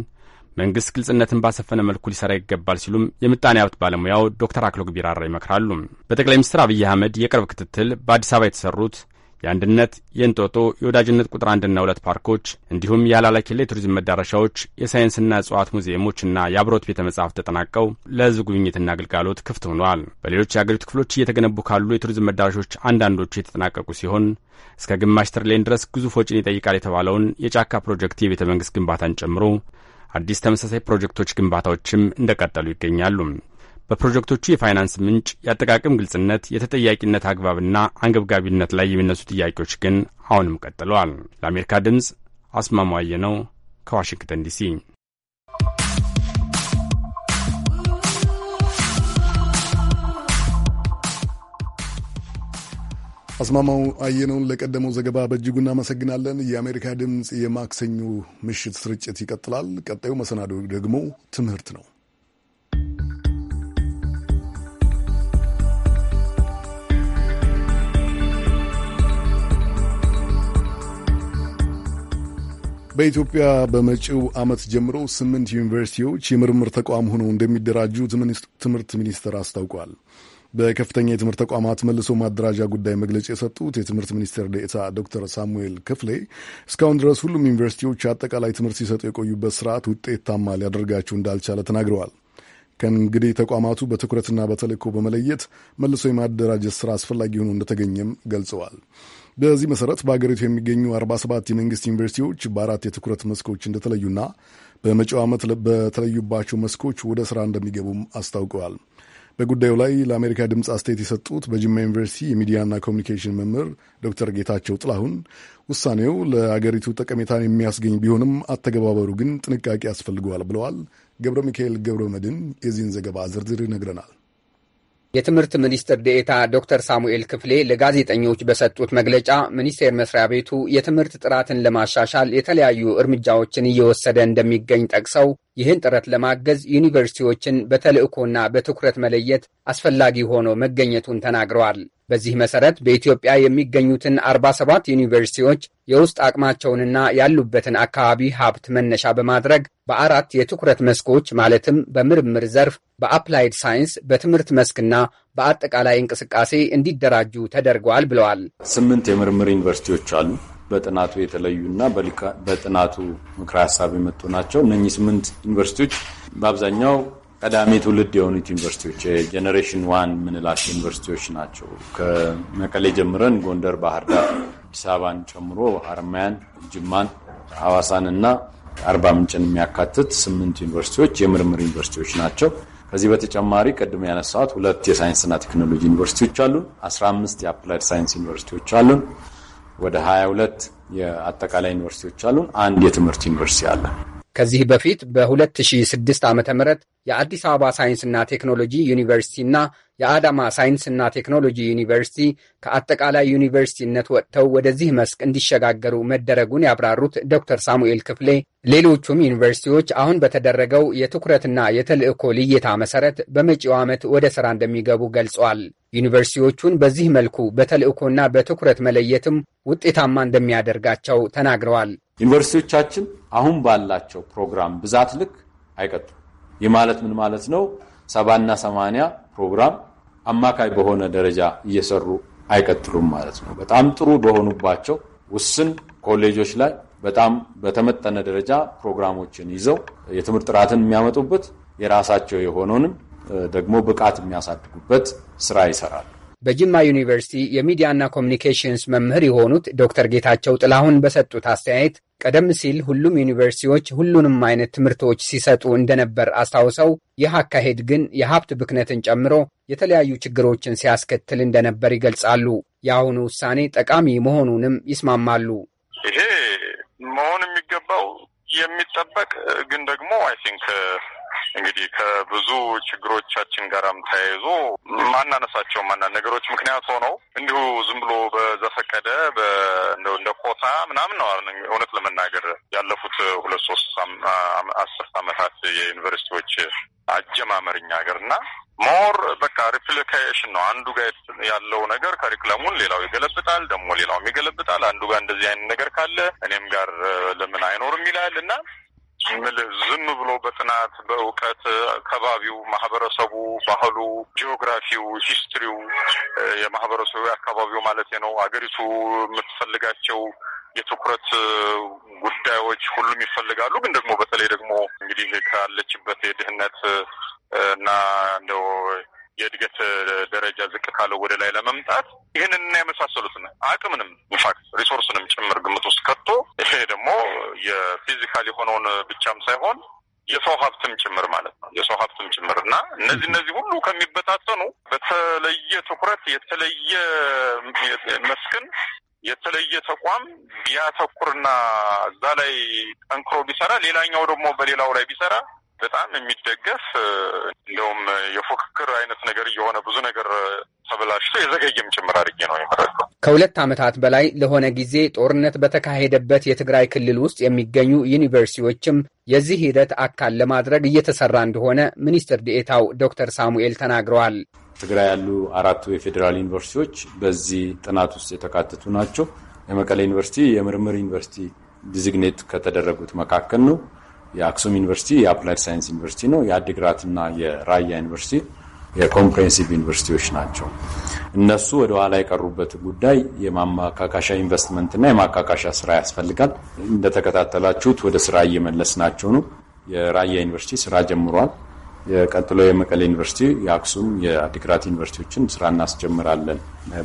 መንግስት ግልጽነትን ባሰፈነ መልኩ ሊሰራ ይገባል ሲሉም የምጣኔ ሀብት ባለሙያው ዶክተር አክሎግ ቢራራ ይመክራሉ። በጠቅላይ ሚኒስትር አብይ አህመድ የቅርብ ክትትል በአዲስ አበባ የተሰሩት የአንድነት፣ የእንጦጦ፣ የወዳጅነት ቁጥር አንድና ሁለት ፓርኮች እንዲሁም የአላላኪሌ የቱሪዝም መዳረሻዎች፣ የሳይንስና እጽዋት ሙዚየሞችና የአብሮት ቤተ መጻሕፍት ተጠናቀው ለሕዝብ ጉብኝትና አገልጋሎት ክፍት ሆነዋል። በሌሎች የአገሪቱ ክፍሎች እየተገነቡ ካሉ የቱሪዝም መዳረሻዎች አንዳንዶቹ የተጠናቀቁ ሲሆን እስከ ግማሽ ትርሌን ድረስ ግዙፍ ወጪን ይጠይቃል የተባለውን የጫካ ፕሮጀክት የቤተ መንግሥት ግንባታን ጨምሮ አዲስ ተመሳሳይ ፕሮጀክቶች ግንባታዎችም እንደቀጠሉ ይገኛሉ። በፕሮጀክቶቹ የፋይናንስ ምንጭ፣ የአጠቃቀም ግልጽነት፣ የተጠያቂነት አግባብና አንገብጋቢነት ላይ የሚነሱ ጥያቄዎች ግን አሁንም ቀጥለዋል። ለአሜሪካ ድምፅ አስማማየ ነው ከዋሽንግተን ዲሲ። አስማማው አየነውን ለቀደመው ዘገባ በእጅጉ እናመሰግናለን። የአሜሪካ ድምፅ የማክሰኞ ምሽት ስርጭት ይቀጥላል። ቀጣዩ መሰናዶ ደግሞ ትምህርት ነው። በኢትዮጵያ በመጪው ዓመት ጀምሮ ስምንት ዩኒቨርሲቲዎች የምርምር ተቋም ሆነው እንደሚደራጁ ትምህርት ሚኒስቴር አስታውቋል። በከፍተኛ የትምህርት ተቋማት መልሶ ማደራጃ ጉዳይ መግለጫ የሰጡት የትምህርት ሚኒስቴር ዴኤታ ዶክተር ሳሙኤል ክፍሌ እስካሁን ድረስ ሁሉም ዩኒቨርሲቲዎች አጠቃላይ ትምህርት ሲሰጡ የቆዩበት ስርዓት ውጤታማ ሊያደርጋቸው እንዳልቻለ ተናግረዋል። ከእንግዲህ ተቋማቱ በትኩረትና በተልዕኮ በመለየት መልሶ የማደራጀት ስራ አስፈላጊ ሆኖ እንደተገኘም ገልጸዋል። በዚህ መሰረት በሀገሪቱ የሚገኙ 47 የመንግስት ዩኒቨርሲቲዎች በአራት የትኩረት መስኮች እንደተለዩና በመጪው ዓመት በተለዩባቸው መስኮች ወደ ሥራ እንደሚገቡም አስታውቀዋል። በጉዳዩ ላይ ለአሜሪካ ድምፅ አስተያየት የሰጡት በጅማ ዩኒቨርሲቲ የሚዲያና ኮሚኒኬሽን መምህር ዶክተር ጌታቸው ጥላሁን ውሳኔው ለአገሪቱ ጠቀሜታን የሚያስገኝ ቢሆንም አተገባበሩ ግን ጥንቃቄ ያስፈልገዋል ብለዋል። ገብረ ሚካኤል ገብረ መድን የዚህን ዘገባ ዝርዝር ይነግረናል። የትምህርት ሚኒስትር ዴኤታ ዶክተር ሳሙኤል ክፍሌ ለጋዜጠኞች በሰጡት መግለጫ ሚኒስቴር መስሪያ ቤቱ የትምህርት ጥራትን ለማሻሻል የተለያዩ እርምጃዎችን እየወሰደ እንደሚገኝ ጠቅሰው ይህን ጥረት ለማገዝ ዩኒቨርሲቲዎችን በተልዕኮና በትኩረት መለየት አስፈላጊ ሆኖ መገኘቱን ተናግረዋል። በዚህ መሰረት በኢትዮጵያ የሚገኙትን 47 ዩኒቨርሲቲዎች የውስጥ አቅማቸውንና ያሉበትን አካባቢ ሀብት መነሻ በማድረግ በአራት የትኩረት መስኮች ማለትም በምርምር ዘርፍ፣ በአፕላይድ ሳይንስ፣ በትምህርት መስክና በአጠቃላይ እንቅስቃሴ እንዲደራጁ ተደርጓል ብለዋል። ስምንት የምርምር ዩኒቨርሲቲዎች አሉ። በጥናቱ የተለዩና በጥናቱ ምክረ ሀሳብ የመጡ ናቸው። እነኚህ ስምንት ዩኒቨርሲቲዎች በአብዛኛው ቀዳሚ ትውልድ የሆኑት ዩኒቨርሲቲዎች የጄኔሬሽን ዋን የምንላቸው ዩኒቨርሲቲዎች ናቸው። ከመቀሌ ጀምረን ጎንደር፣ ባህር ዳር፣ አዲስ አበባን ጨምሮ ሐረማያን፣ ጅማን፣ ሐዋሳን እና አርባ ምንጭን የሚያካትት ስምንት ዩኒቨርሲቲዎች የምርምር ዩኒቨርሲቲዎች ናቸው። ከዚህ በተጨማሪ ቅድም ያነሳት ሁለት የሳይንስና ቴክኖሎጂ ዩኒቨርሲቲዎች አሉን። 15 የአፕላይድ ሳይንስ ዩኒቨርሲቲዎች አሉን። ወደ 22 የአጠቃላይ ዩኒቨርሲቲዎች አሉን። አንድ የትምህርት ዩኒቨርሲቲ አለ። ከዚህ በፊት በ2006 ዓ ም የአዲስ አበባ ሳይንስና ቴክኖሎጂ ዩኒቨርሲቲና የአዳማ ሳይንስና ቴክኖሎጂ ዩኒቨርሲቲ ከአጠቃላይ ዩኒቨርሲቲነት ወጥተው ወደዚህ መስክ እንዲሸጋገሩ መደረጉን ያብራሩት ዶክተር ሳሙኤል ክፍሌ ሌሎቹም ዩኒቨርሲቲዎች አሁን በተደረገው የትኩረትና የተልእኮ ልየታ መሰረት በመጪው ዓመት ወደ ሥራ እንደሚገቡ ገልጿል። ዩኒቨርሲቲዎቹን በዚህ መልኩ በተልእኮና በትኩረት መለየትም ውጤታማ እንደሚያደርጋቸው ተናግረዋል። ዩኒቨርሲቲዎቻችን አሁን ባላቸው ፕሮግራም ብዛት ልክ አይቀጡም። ይህ ማለት ምን ማለት ነው? ሰባና ሰማንያ ፕሮግራም አማካይ በሆነ ደረጃ እየሰሩ አይቀጥሉም ማለት ነው። በጣም ጥሩ በሆኑባቸው ውስን ኮሌጆች ላይ በጣም በተመጠነ ደረጃ ፕሮግራሞችን ይዘው የትምህርት ጥራትን የሚያመጡበት የራሳቸው የሆነውንም ደግሞ ብቃት የሚያሳድጉበት ስራ ይሰራል። በጅማ ዩኒቨርሲቲ የሚዲያና ኮሚኒኬሽንስ መምህር የሆኑት ዶክተር ጌታቸው ጥላሁን በሰጡት አስተያየት ቀደም ሲል ሁሉም ዩኒቨርሲቲዎች ሁሉንም አይነት ትምህርቶች ሲሰጡ እንደነበር አስታውሰው ይህ አካሄድ ግን የሀብት ብክነትን ጨምሮ የተለያዩ ችግሮችን ሲያስከትል እንደነበር ይገልጻሉ። የአሁኑ ውሳኔ ጠቃሚ መሆኑንም ይስማማሉ። ይሄ መሆን የሚገባው የሚጠበቅ ግን ደግሞ አይ ቲንክ እንግዲህ ከብዙ ችግሮቻችን ጋራም ተያይዞ ማናነሳቸው ማና ነገሮች ምክንያት ሆነው እንዲሁ ዝም ብሎ በዘፈቀደ እንደ ኮታ ምናምን ነው። እውነት ለመናገር ያለፉት ሁለት ሶስት አስርት ዓመታት የዩኒቨርሲቲዎች አጀማመርኛ ሀገር እና ሞር በቃ ሪፕሊካሽን ነው። አንዱ ጋር ያለው ነገር ከሪክለሙን ሌላው ይገለብጣል፣ ደግሞ ሌላውም ይገለብጣል። አንዱ ጋር እንደዚህ አይነት ነገር ካለ እኔም ጋር ለምን አይኖርም ይላል እና ዝም ብሎ በጥናት በእውቀት ከባቢው ማህበረሰቡ፣ ባህሉ፣ ጂኦግራፊው፣ ሂስትሪው የማህበረሰቡ አካባቢው ማለት ነው አገሪቱ የምትፈልጋቸው የትኩረት ጉዳዮች ሁሉም ይፈልጋሉ። ግን ደግሞ በተለይ ደግሞ እንግዲህ ካለችበት የድህነት እና እንደው የእድገት ደረጃ ዝቅ ካለው ወደ ላይ ለመምጣት ይህንንና የመሳሰሉትን አቅምንም ኢንፋክት ሪሶርስንም ጭምር ግምት ውስጥ ከቶ ይሄ ደግሞ የፊዚካል የሆነውን ብቻም ሳይሆን የሰው ሀብትም ጭምር ማለት ነው። የሰው ሀብትም ጭምር እና እነዚህ እነዚህ ሁሉ ከሚበታተኑ በተለየ ትኩረት የተለየ መስክን የተለየ ተቋም ቢያተኩርና እዛ ላይ ጠንክሮ ቢሰራ፣ ሌላኛው ደግሞ በሌላው ላይ ቢሰራ በጣም የሚደገፍ እንደውም የፉክክር አይነት ነገር እየሆነ ብዙ ነገር ተበላሽቶ የዘገየም ጭምር አድርጌ ነው የመረጥኩት። ከሁለት ዓመታት በላይ ለሆነ ጊዜ ጦርነት በተካሄደበት የትግራይ ክልል ውስጥ የሚገኙ ዩኒቨርሲቲዎችም የዚህ ሂደት አካል ለማድረግ እየተሰራ እንደሆነ ሚኒስትር ዲኤታው ዶክተር ሳሙኤል ተናግረዋል። ትግራይ ያሉ አራቱ የፌዴራል ዩኒቨርሲቲዎች በዚህ ጥናት ውስጥ የተካተቱ ናቸው። የመቀሌ ዩኒቨርሲቲ የምርምር ዩኒቨርሲቲ ዲዚግኔት ከተደረጉት መካከል ነው። የአክሱም ዩኒቨርሲቲ የአፕላይድ ሳይንስ ዩኒቨርሲቲ ነው። የአድግራትና የራያ ዩኒቨርሲቲ የኮምፕሬሄንሲቭ ዩኒቨርሲቲዎች ናቸው። እነሱ ወደ ኋላ የቀሩበት ጉዳይ ኢንቨስትመንት ኢንቨስትመንትና የማካካሻ ስራ ያስፈልጋል። እንደተከታተላችሁት ወደ ስራ ናቸው ነው። የራያ ዩኒቨርሲቲ ስራ ጀምሯል። ቀጥሎ የመቀሌ ዩኒቨርሲቲ፣ የአክሱም፣ የአዲግራት ዩኒቨርሲቲዎችን ስራ እናስጀምራለን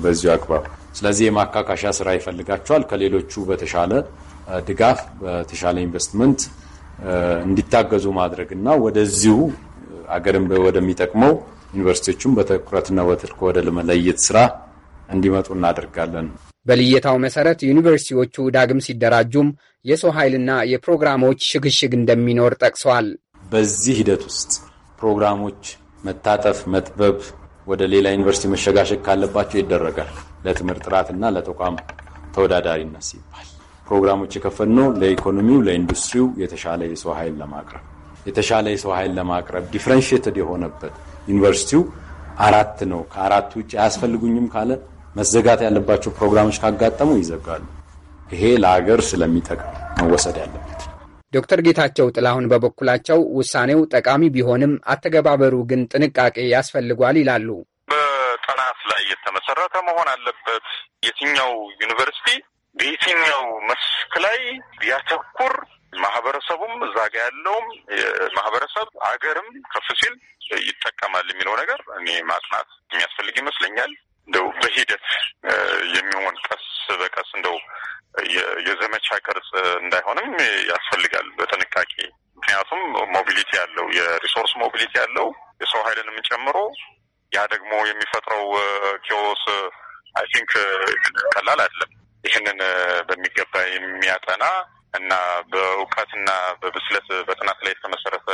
በዚሁ አግባብ። ስለዚህ የማካካሻ ስራ ይፈልጋቸዋል። ከሌሎቹ በተሻለ ድጋፍ፣ በተሻለ ኢንቨስትመንት እንዲታገዙ ማድረግ እና ወደዚሁ አገርን ወደሚጠቅመው ዩኒቨርሲቲዎቹም በትኩረትና በትልቅ ወደ መለየት ስራ እንዲመጡ እናደርጋለን። በልየታው መሰረት ዩኒቨርሲቲዎቹ ዳግም ሲደራጁም የሰው ኃይልና የፕሮግራሞች ሽግሽግ እንደሚኖር ጠቅሰዋል። በዚህ ሂደት ውስጥ ፕሮግራሞች መታጠፍ፣ መጥበብ፣ ወደ ሌላ ዩኒቨርሲቲ መሸጋሸግ ካለባቸው ይደረጋል። ለትምህርት ጥራትና ለተቋም ተወዳዳሪነት ሲባል ፕሮግራሞች የከፈትነው ለኢኮኖሚው፣ ለኢንዱስትሪው የተሻለ የሰው ኃይል ለማቅረብ የተሻለ የሰው ኃይል ለማቅረብ ዲፍረንሽትድ የሆነበት ዩኒቨርሲቲው አራት ነው። ከአራት ውጭ አያስፈልጉኝም ካለ መዘጋት ያለባቸው ፕሮግራሞች ካጋጠሙ ይዘጋሉ። ይሄ ለሀገር ስለሚጠቅም መወሰድ ያለበት። ዶክተር ጌታቸው ጥላሁን በበኩላቸው ውሳኔው ጠቃሚ ቢሆንም አተገባበሩ ግን ጥንቃቄ ያስፈልጓል ይላሉ። በጥናት ላይ የተመሰረተ መሆን አለበት። የትኛው ዩኒቨርሲቲ በየትኛው መስክ ላይ ቢያተኩር ማህበረሰቡም እዛ ጋ ያለውም ማህበረሰብ አገርም ከፍ ሲል ይጠቀማል የሚለው ነገር እኔ ማጥናት የሚያስፈልግ ይመስለኛል። እንደው በሂደት የሚሆን ቀስ በቀስ እንደው የዘመቻ ቅርጽ እንዳይሆንም ያስፈልጋል በጥንቃቄ ምክንያቱም ሞቢሊቲ ያለው የሪሶርስ ሞቢሊቲ ያለው የሰው ኃይልንም ጨምሮ ያ ደግሞ የሚፈጥረው ኪዮስ አይ ቲንክ ቀላል አይደለም። ይህንን በሚገባ የሚያጠና እና በእውቀትና በብስለት በጥናት ላይ የተመሰረተ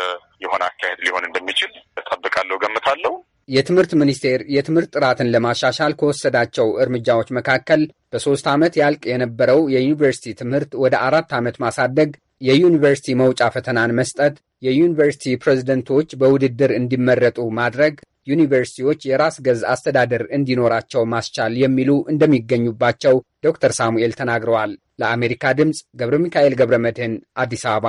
የሆነ አካሄድ ሊሆን እንደሚችል ጠብቃለሁ ገምታለሁ። የትምህርት ሚኒስቴር የትምህርት ጥራትን ለማሻሻል ከወሰዳቸው እርምጃዎች መካከል በሶስት ዓመት ያልቅ የነበረው የዩኒቨርሲቲ ትምህርት ወደ አራት ዓመት ማሳደግ፣ የዩኒቨርሲቲ መውጫ ፈተናን መስጠት፣ የዩኒቨርሲቲ ፕሬዝደንቶች በውድድር እንዲመረጡ ማድረግ፣ ዩኒቨርሲቲዎች የራስ ገዝ አስተዳደር እንዲኖራቸው ማስቻል የሚሉ እንደሚገኙባቸው ዶክተር ሳሙኤል ተናግረዋል። ለአሜሪካ ድምፅ ገብረ ሚካኤል ገብረ መድህን አዲስ አበባ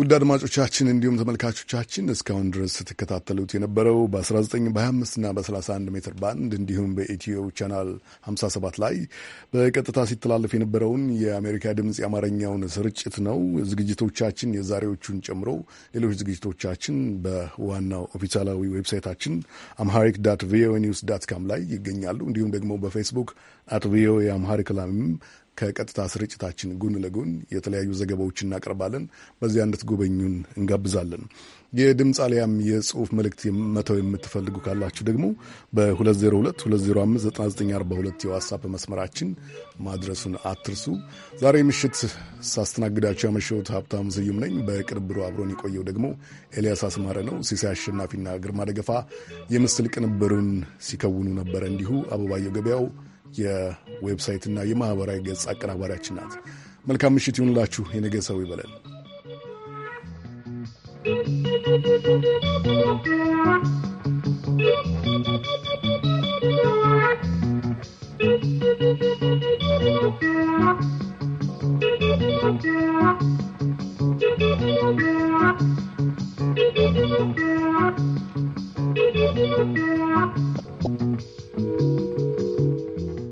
ውድ አድማጮቻችን እንዲሁም ተመልካቾቻችን እስካሁን ድረስ ስትከታተሉት የነበረው በ19 በ25 እና በ31 ሜትር ባንድ እንዲሁም በኢትዮ ቻናል 57 ላይ በቀጥታ ሲተላለፍ የነበረውን የአሜሪካ ድምፅ የአማርኛውን ስርጭት ነው። ዝግጅቶቻችን የዛሬዎቹን ጨምሮ ሌሎች ዝግጅቶቻችን በዋናው ኦፊሳላዊ ዌብሳይታችን አምሃሪክ ዳት ቪኦኤ ኒውስ ዳት ካም ላይ ይገኛሉ። እንዲሁም ደግሞ በፌስቡክ አት ቪኦኤ አምሃሪክ ላይም ከቀጥታ ስርጭታችን ጎን ለጎን የተለያዩ ዘገባዎች እናቀርባለን። በዚያ እንድትጎበኙን እንጋብዛለን። የድምፅ አሊያም የጽሁፍ መልእክት መተው የምትፈልጉ ካላችሁ ደግሞ በ2022059942 የዋትሳፕ መስመራችን ማድረሱን አትርሱ። ዛሬ ምሽት ሳስተናግዳችሁ ያመሸሁት ሀብታም ስዩም ነኝ። በቅንብሩ አብሮን የቆየው ደግሞ ኤልያስ አስማረ ነው። ሲሳይ አሸናፊና ግርማ ደገፋ የምስል ቅንብሩን ሲከውኑ ነበረ። እንዲሁ አበባየው ገበያው የዌብሳይትና የማኅበራዊ ገጽ አቀናባሪያችን ናት። መልካም ምሽት ይሁንላችሁ። የነገ ሰው ይበለን።